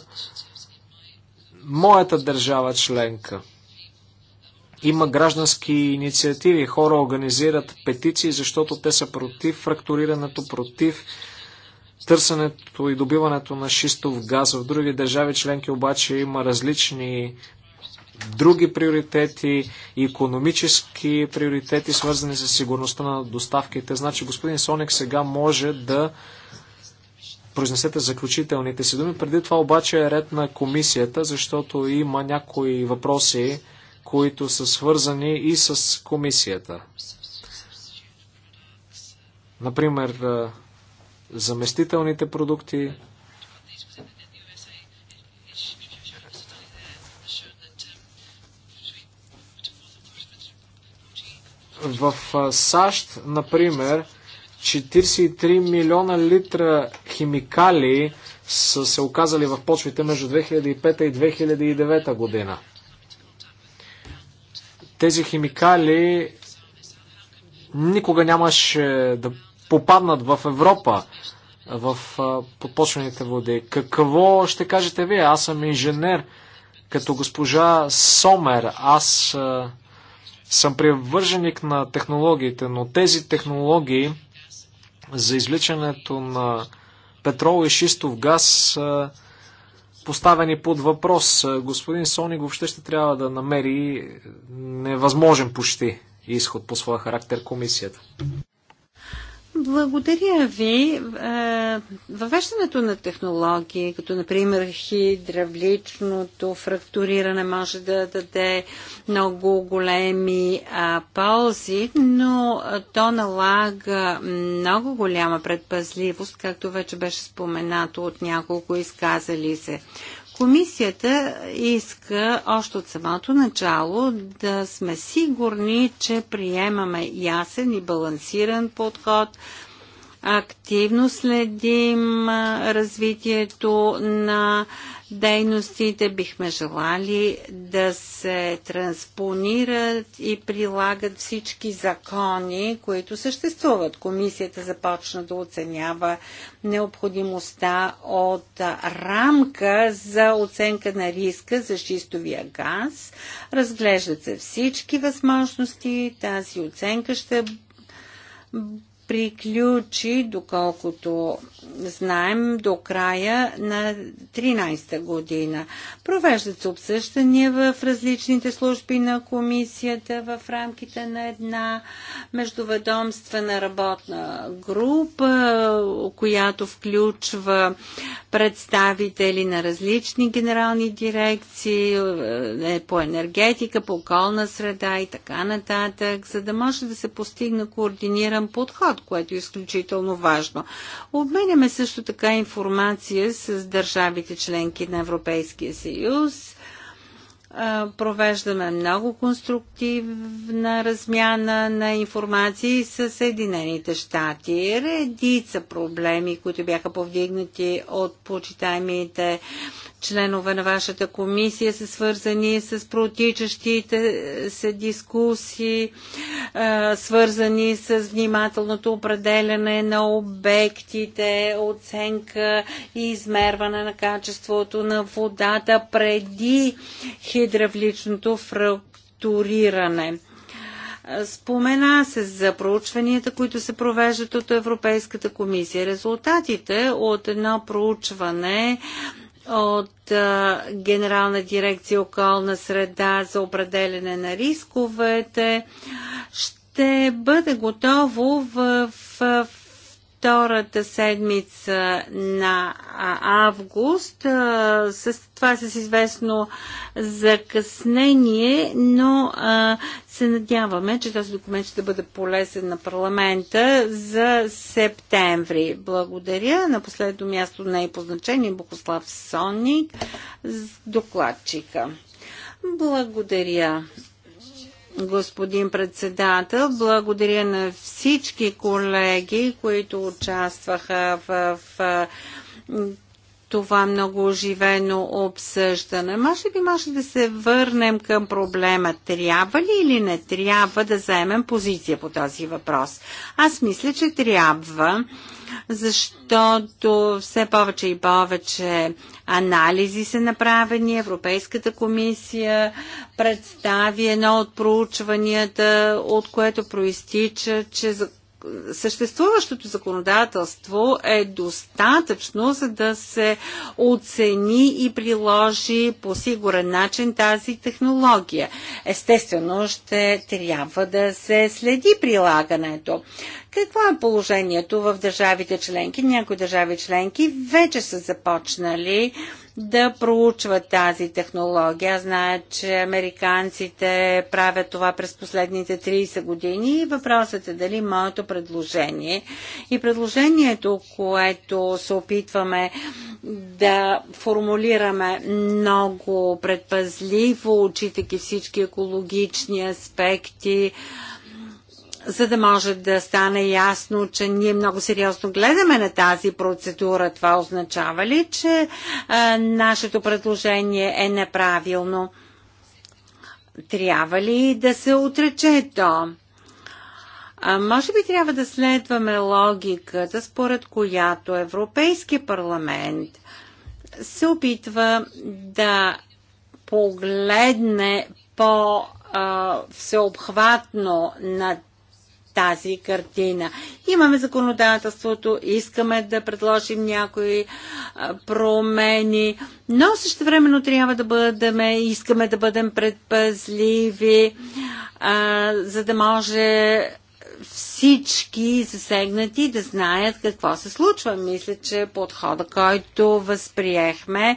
моята държава членка. Има граждански инициативи, хора организират петиции, защото те са против фрактурирането, против търсенето и добиването на шистов газ. В други държави членки обаче има различни други приоритети, економически приоритети, свързани с сигурността на доставките. Значи, господин Соник сега може да произнесете заключителните си думи. Преди това обаче е ред на комисията, защото има някои въпроси, които са свързани и с комисията. Например, заместителните продукти, В САЩ, например, 43 милиона литра химикали са се оказали в почвите между 2005 и 2009 година. Тези химикали никога нямаше да попаднат в Европа, в подпочвените води. Какво ще кажете вие? Аз съм инженер, като госпожа Сомер. Аз съм привърженик на технологиите, но тези технологии за извличането на петрол и шистов газ са поставени под въпрос. Господин Соник въобще ще трябва да намери невъзможен почти изход по своя характер комисията. Благодаря ви. Е, въвеждането на технологии, като например хидравличното фрактуриране, може да даде много големи ползи, но то налага много голяма предпазливост, както вече беше споменато от няколко изказали се. Комисията иска още от самото начало да сме сигурни, че приемаме ясен и балансиран подход, активно следим развитието на дейностите. Бихме желали да се транспонират и прилагат всички закони, които съществуват. Комисията започна да оценява необходимостта от рамка за оценка на риска за шистовия газ. Разглеждат се всички възможности. Тази оценка ще приключи, доколкото знаем, до края на 13-та година. Провеждат се обсъждания в различните служби на комисията в рамките на една междуведомствена работна група, която включва представители на различни генерални дирекции е, по енергетика, по околна среда и така нататък, за да може да се постигне координиран подход, което е изключително важно. Обмен Обменяме също така информация с държавите членки на Европейския съюз. Провеждаме много конструктивна размяна на информации с Съединените щати. Редица проблеми, които бяха повдигнати от почитаемите членове на вашата комисия са свързани с протичащите е, се дискусии, е, свързани с внимателното определяне на обектите, оценка и измерване на качеството на водата преди хидравличното фрактуриране. Е, спомена се за проучванията, които се провеждат от Европейската комисия. Резултатите от едно проучване от Генерална дирекция околна среда за определене на рисковете ще бъде готово в, в втората седмица на август. С, това с известно закъснение, но се надяваме, че този документ ще бъде полезен на парламента за септември. Благодаря. На последно място не е позначение значение Богослав Соник, докладчика. Благодаря господин председател. Благодаря на всички колеги, които участваха в, това много оживено обсъждане. Може би може да се върнем към проблема. Трябва ли или не трябва да заемем позиция по този въпрос? Аз мисля, че трябва защото все повече и повече анализи са направени. Европейската комисия представи едно от проучванията, от което проистича, че съществуващото законодателство е достатъчно, за да се оцени и приложи по сигурен начин тази технология. Естествено, ще трябва да се следи прилагането. Какво е положението в държавите членки? Някои държави членки вече са започнали да проучват тази технология. Аз зная, че американците правят това през последните 30 години и въпросът е дали моето предложение и предложението, което се опитваме да формулираме много предпазливо, отчитайки всички екологични аспекти, за да може да стане ясно, че ние много сериозно гледаме на тази процедура. Това означава ли, че а, нашето предложение е неправилно? Трябва ли да се отрече то? А, може би трябва да следваме логиката, според която Европейския парламент се опитва да погледне по всеобхватно на тази картина. Имаме законодателството, искаме да предложим някои промени, но също времено трябва да бъдем, искаме да бъдем предпазливи, а, за да може всички засегнати да знаят какво се случва. Мисля, че подхода, който възприехме,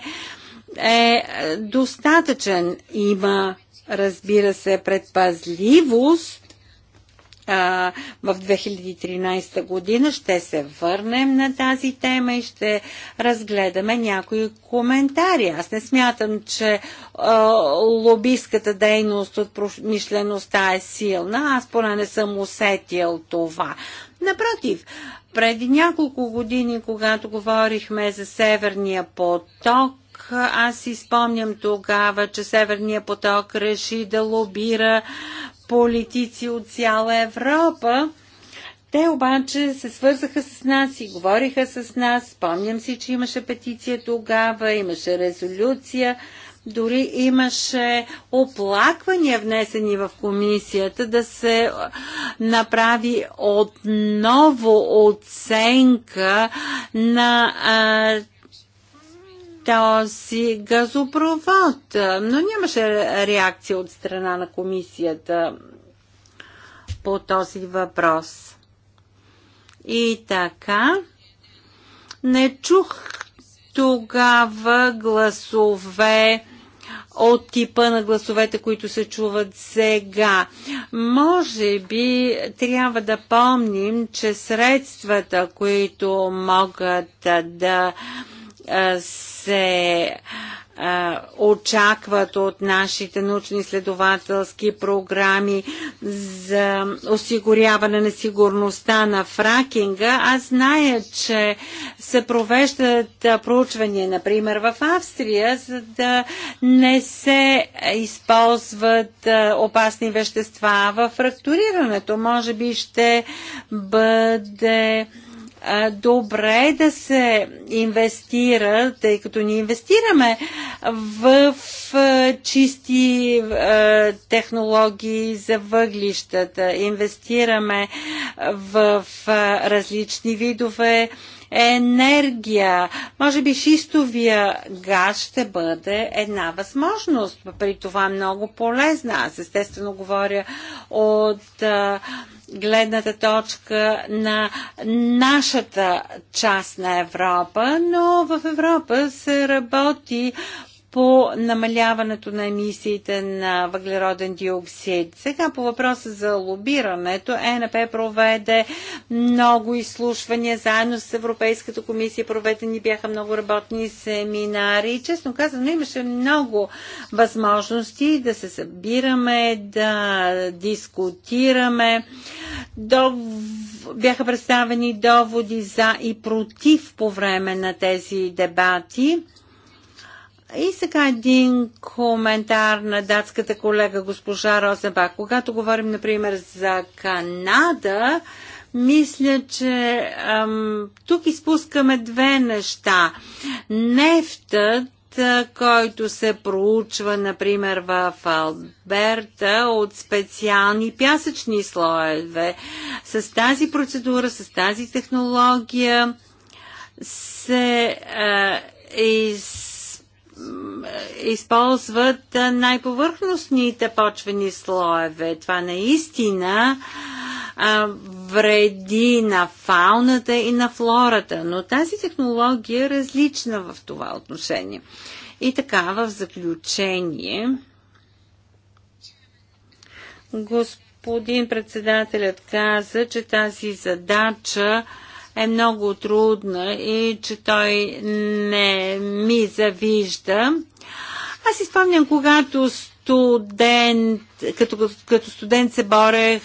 е достатъчен. Има, разбира се, предпазливост, а, в 2013 година. Ще се върнем на тази тема и ще разгледаме някои коментари. Аз не смятам, че а, лобистката дейност от промишлеността е силна. Аз поне не съм усетил това. Напротив, преди няколко години, когато говорихме за Северния поток, аз си спомням тогава, че Северния поток реши да лобира политици от цяла Европа. Те обаче се свързаха с нас и говориха с нас. Спомням си, че имаше петиция тогава, имаше резолюция, дори имаше оплаквания внесени в комисията да се направи отново оценка на а, този газопровод. Но нямаше реакция от страна на комисията по този въпрос. И така, не чух тогава гласове от типа на гласовете, които се чуват сега. Може би трябва да помним, че средствата, които могат да се се а, очакват от нашите научно-изследователски програми за осигуряване на сигурността на фракинга. Аз зная, че се провеждат проучвания, например, в Австрия, за да не се използват опасни вещества в фрактурирането. Може би ще бъде добре е да се инвестира, тъй като ние инвестираме в чисти технологии за въглищата, инвестираме в различни видове енергия. Може би шистовия газ ще бъде една възможност, при това е много полезна. Аз естествено говоря от гледната точка на нашата част на Европа, но в Европа се работи по намаляването на емисиите на въглероден диоксид. Сега по въпроса за лобирането, ЕНП проведе много изслушвания заедно с Европейската комисия, проведени бяха много работни семинари. Честно казано, имаше много възможности да се събираме, да дискутираме. До... Бяха представени доводи за и против по време на тези дебати. И сега един коментар на датската колега госпожа Розенбак. Когато говорим, например, за Канада, мисля, че ам, тук изпускаме две неща. Нефтът който се проучва, например, в Алберта от специални пясъчни слоеве. С тази процедура, с тази технология се е, из използват най-повърхностните почвени слоеве. Това наистина вреди на фауната и на флората, но тази технология е различна в това отношение. И така, в заключение, господин председателят каза, че тази задача е много трудна и че той не ми завижда. Аз си спомням, когато студент, като, като студент се борех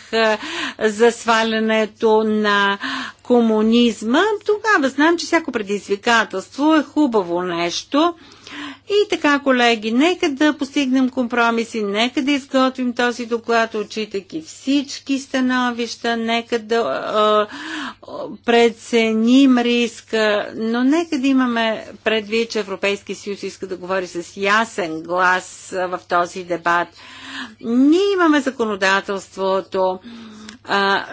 за свалянето на комунизма, тогава знам, че всяко предизвикателство е хубаво нещо. И така, колеги, нека да постигнем компромиси, нека да изготвим този доклад, отчитайки всички становища, нека да а, преценим риска, но нека да имаме предвид, че Европейски съюз иска да говори с ясен глас в този дебат. Ние имаме законодателството. А,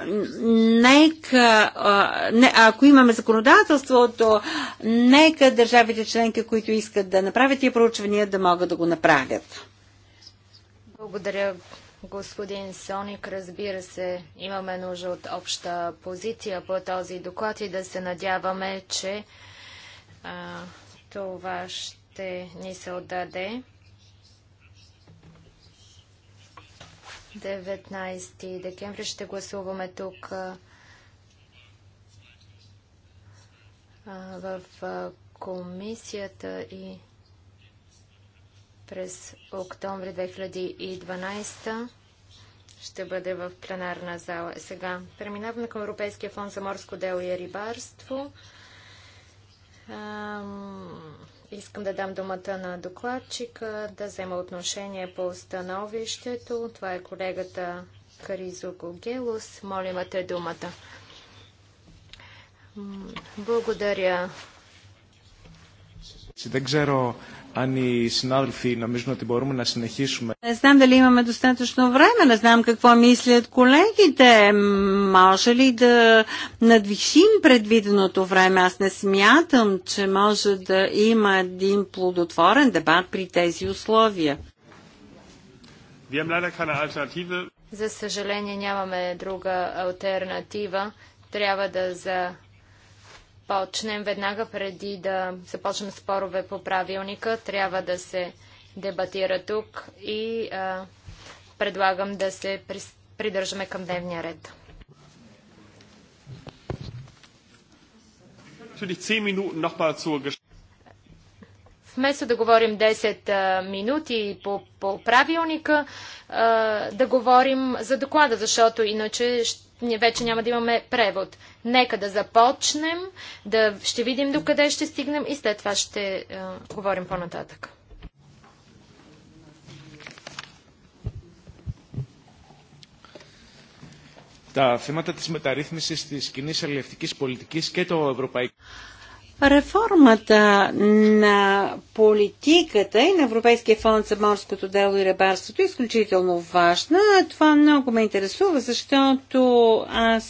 нека, а, не, ако имаме законодателството, нека държавите членки, които искат да направят тия проучвания, да могат да го направят. Благодаря, господин Соник. Разбира се, имаме нужда от обща позиция по този доклад и да се надяваме, че а, това ще ни се отдаде. 19 декември ще гласуваме тук в комисията и през октомври 2012 ще бъде в пленарна зала. Сега преминаваме към Европейския фонд за морско дело и рибарство. Ам Искам да дам думата на докладчика да взема отношение по становището. Това е колегата Каризо Гогелос. Моля, имате думата. Благодаря, Δεν ξέρω αν οι συνάδελφοι νομίζουν ότι μπορούμε να συνεχίσουμε. Не знам дали имаме достатъчно време, не знам какво мислят колегите. Може ли да надвишим предвиденото време? Аз не смятам, че може да има един плодотворен дебат при тези условия. За съжаление нямаме друга альтернатива. Трябва да за Почнем веднага преди да започнем спорове по правилника. Трябва да се дебатира тук и а, предлагам да се придържаме към дневния ред. Вместо да говорим 10 минути по, по правилника, а, да говорим за доклада, защото иначе ще ние вече няма да имаме превод. Нека да започнем, да ще видим докъде ще стигнем и след това ще а, е, говорим по-нататък. Τα θέματα της μεταρρύθμισης της κοινής αλληλευτικής πολιτικής και το ευρωπαϊκό... Реформата на политиката и на Европейския фонд за морското дело и рибарството е изключително важна. Това много ме интересува, защото аз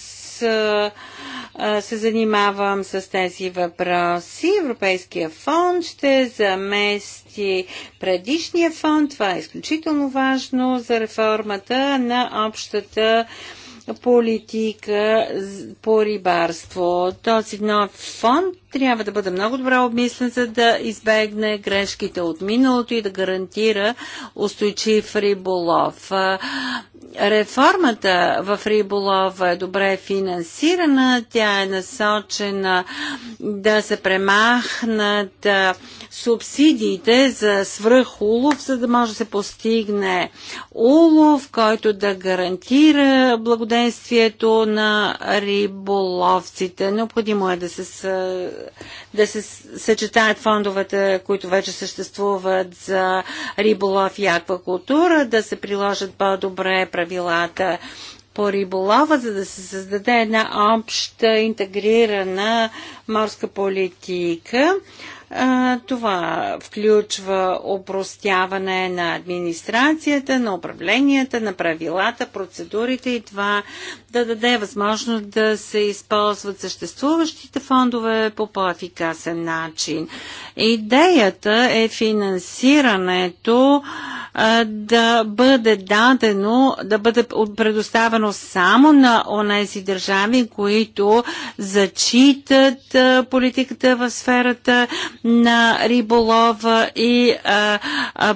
се занимавам с тези въпроси. Европейския фонд ще замести предишния фонд. Това е изключително важно за реформата на общата политика по рибарство. Този нов фонд трябва да бъде много добре обмислен, за да избегне грешките от миналото и да гарантира устойчив риболов. Реформата в риболов е добре финансирана, тя е насочена да се премахнат субсидиите за свръхулов, за да може да се постигне улов, който да гарантира благоденствието на риболовците. Необходимо е да се да се съчетаят фондовете, които вече съществуват за риболов и аквакултура, да се приложат по-добре правилата по риболова, за да се създаде една обща интегрирана морска политика. Това включва опростяване на администрацията, на управленията, на правилата, процедурите и това да даде възможност да се използват съществуващите фондове по по-ефикасен начин. Идеята е финансирането да бъде дадено, да бъде предоставено само на онези държави, които зачитат политиката в сферата на риболова и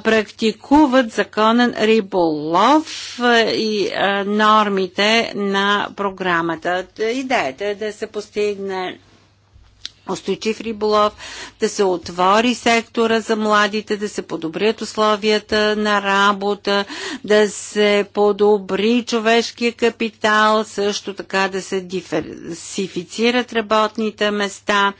практикуват законен риболов и нормите на програмата. Идеята е да се постигне устойчив риболов, да се отвори сектора за младите, да се подобрят условията на работа, да се подобри човешкия капитал, също така да се диверсифицират работните места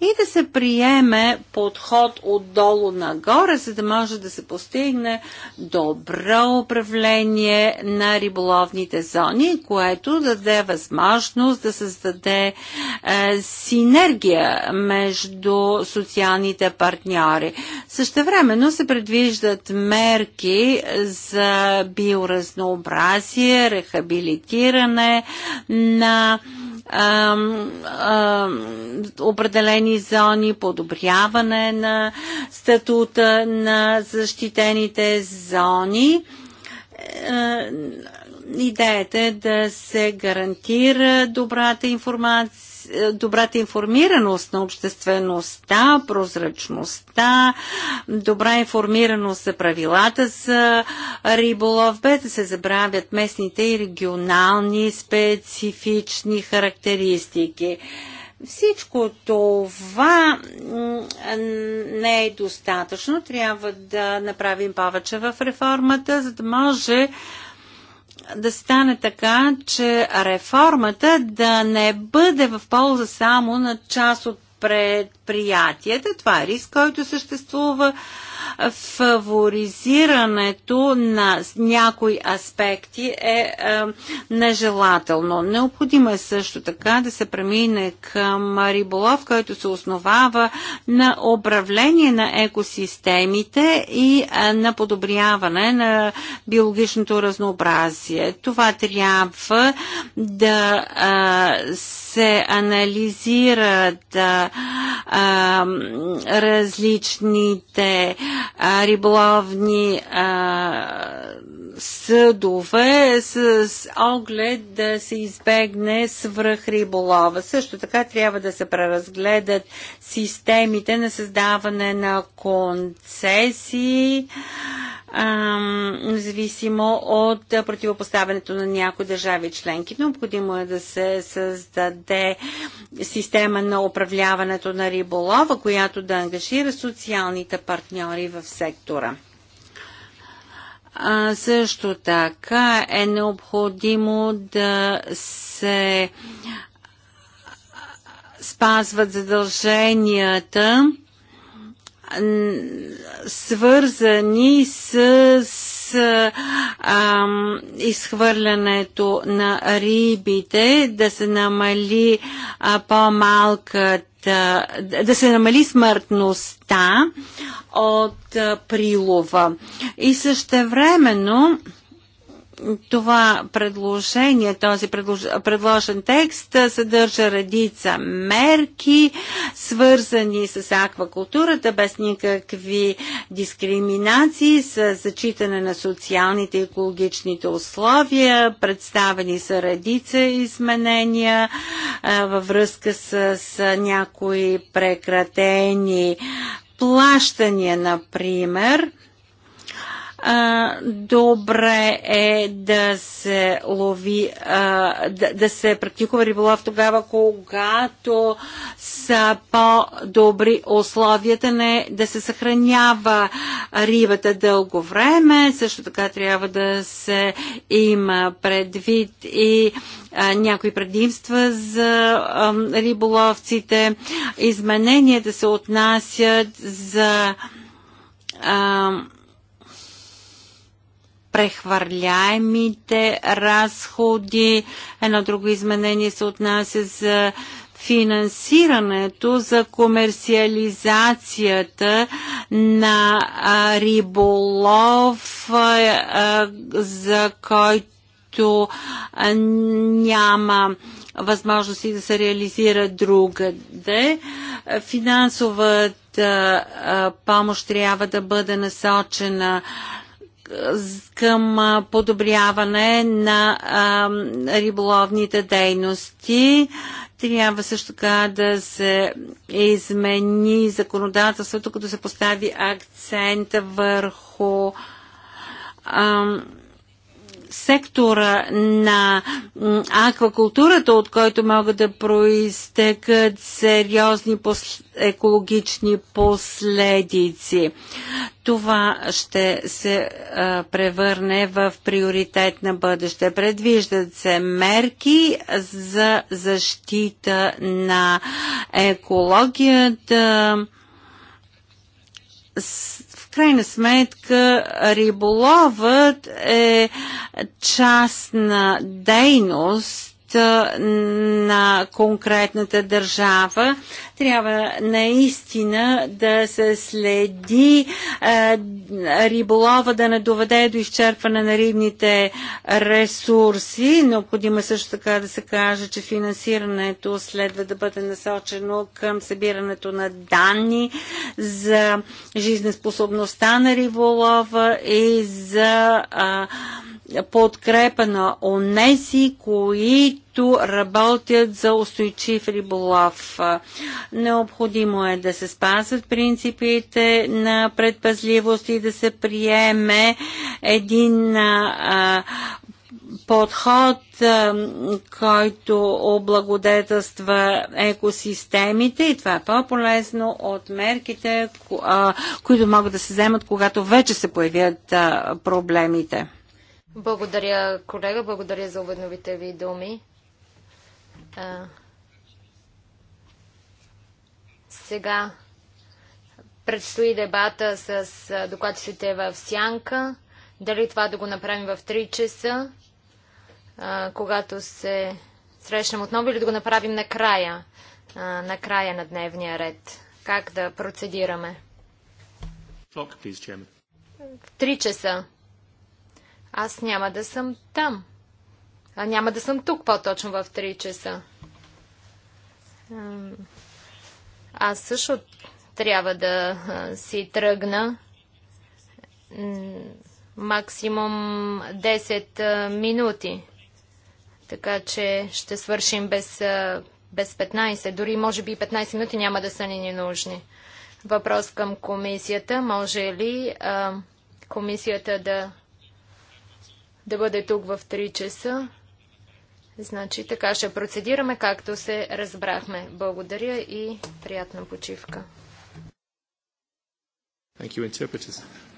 и да се приеме подход отдолу нагоре, за да може да се постигне добро управление на риболовните зони, което даде възможност да създаде е, синергия между социалните партньори. Същевременно се предвиждат мерки за биоразнообразие, рехабилитиране на а, а, определени зони, подобряване на статута на защитените зони. Е, идеята е да се гарантира добрата информация добрата информираност на обществеността, прозрачността, добра информираност за правилата за риболов, без да се забравят местните и регионални специфични характеристики. Всичко това не е достатъчно. Трябва да направим повече в реформата, за да може да стане така, че реформата да не бъде в полза само на част от предприятията. Това е риск, който съществува фаворизирането на някои аспекти е, е нежелателно. Необходимо е също така да се премине към риболов, който се основава на управление на екосистемите и е, на подобряване на биологичното разнообразие. Това трябва да е, се анализират различните риболовни а, съдове с, оглед да се избегне свръхриболова. Също така трябва да се преразгледат системите на създаване на концесии, независимо зависимо от противопоставянето на някои държави членки. Необходимо е да се създаде система на управляването на риболова, която да ангажира социалните партньори в сектора. А, също така е необходимо да се спазват задълженията, свързани с ам, изхвърлянето на рибите, да се намали по-малка да се намали смъртността от прилова. И също времено това предложение, този предлож... предложен текст съдържа редица мерки, свързани с аквакултурата, без никакви дискриминации, с зачитане на социалните и екологичните условия. Представени са редица изменения във връзка с, с някои прекратени плащания, например а, добре е да се лови, а, да, да се практикува риболов тогава, когато са по-добри условията, не да се съхранява рибата дълго време. Също така трябва да се има предвид и а, някои предимства за а, риболовците. Измененията се отнасят за а, прехвърляемите разходи. Едно друго изменение се отнася за финансирането за комерциализацията на риболов, за който няма възможности да се реализира другаде. Финансовата помощ трябва да бъде насочена към подобряване на риболовните дейности. Трябва също така да се измени законодателството, като се постави акцент върху сектора на аквакултурата, от който могат да проистекат сериозни пос... екологични последици. Това ще се а, превърне в приоритет на бъдеще. Предвиждат се мерки за защита на екологията, с крайна сметка риболовът е частна дейност, на конкретната държава. Трябва наистина да се следи е, риболова да не доведе до изчерпване на рибните ресурси. Необходимо е също така да се каже, че финансирането следва да бъде насочено към събирането на данни за жизнеспособността на риболова и за а, е, подкрепа на онези, които работят за устойчив риболов. Необходимо е да се спазват принципите на предпазливост и да се приеме един а, подход, който облагодетелства екосистемите и това е по-полезно от мерките, които могат да се вземат, когато вече се появят проблемите. Благодаря, колега. Благодаря за уведновите ви думи. А, сега предстои дебата с докладчиците в Сянка. Дали това да го направим в 3 часа, а, когато се срещнем отново, или да го направим накрая, а, накрая на дневния ред. Как да процедираме? В 3 часа. Аз няма да съм там. А няма да съм тук по-точно в 3 часа. Аз също трябва да си тръгна максимум 10 минути. Така че ще свършим без, без 15. Дори може би 15 минути няма да са ни, ни нужни. Въпрос към комисията. Може ли а, комисията да да бъде тук в 3 часа. Значи така ще процедираме, както се разбрахме. Благодаря и приятна почивка. Thank you, interpreters.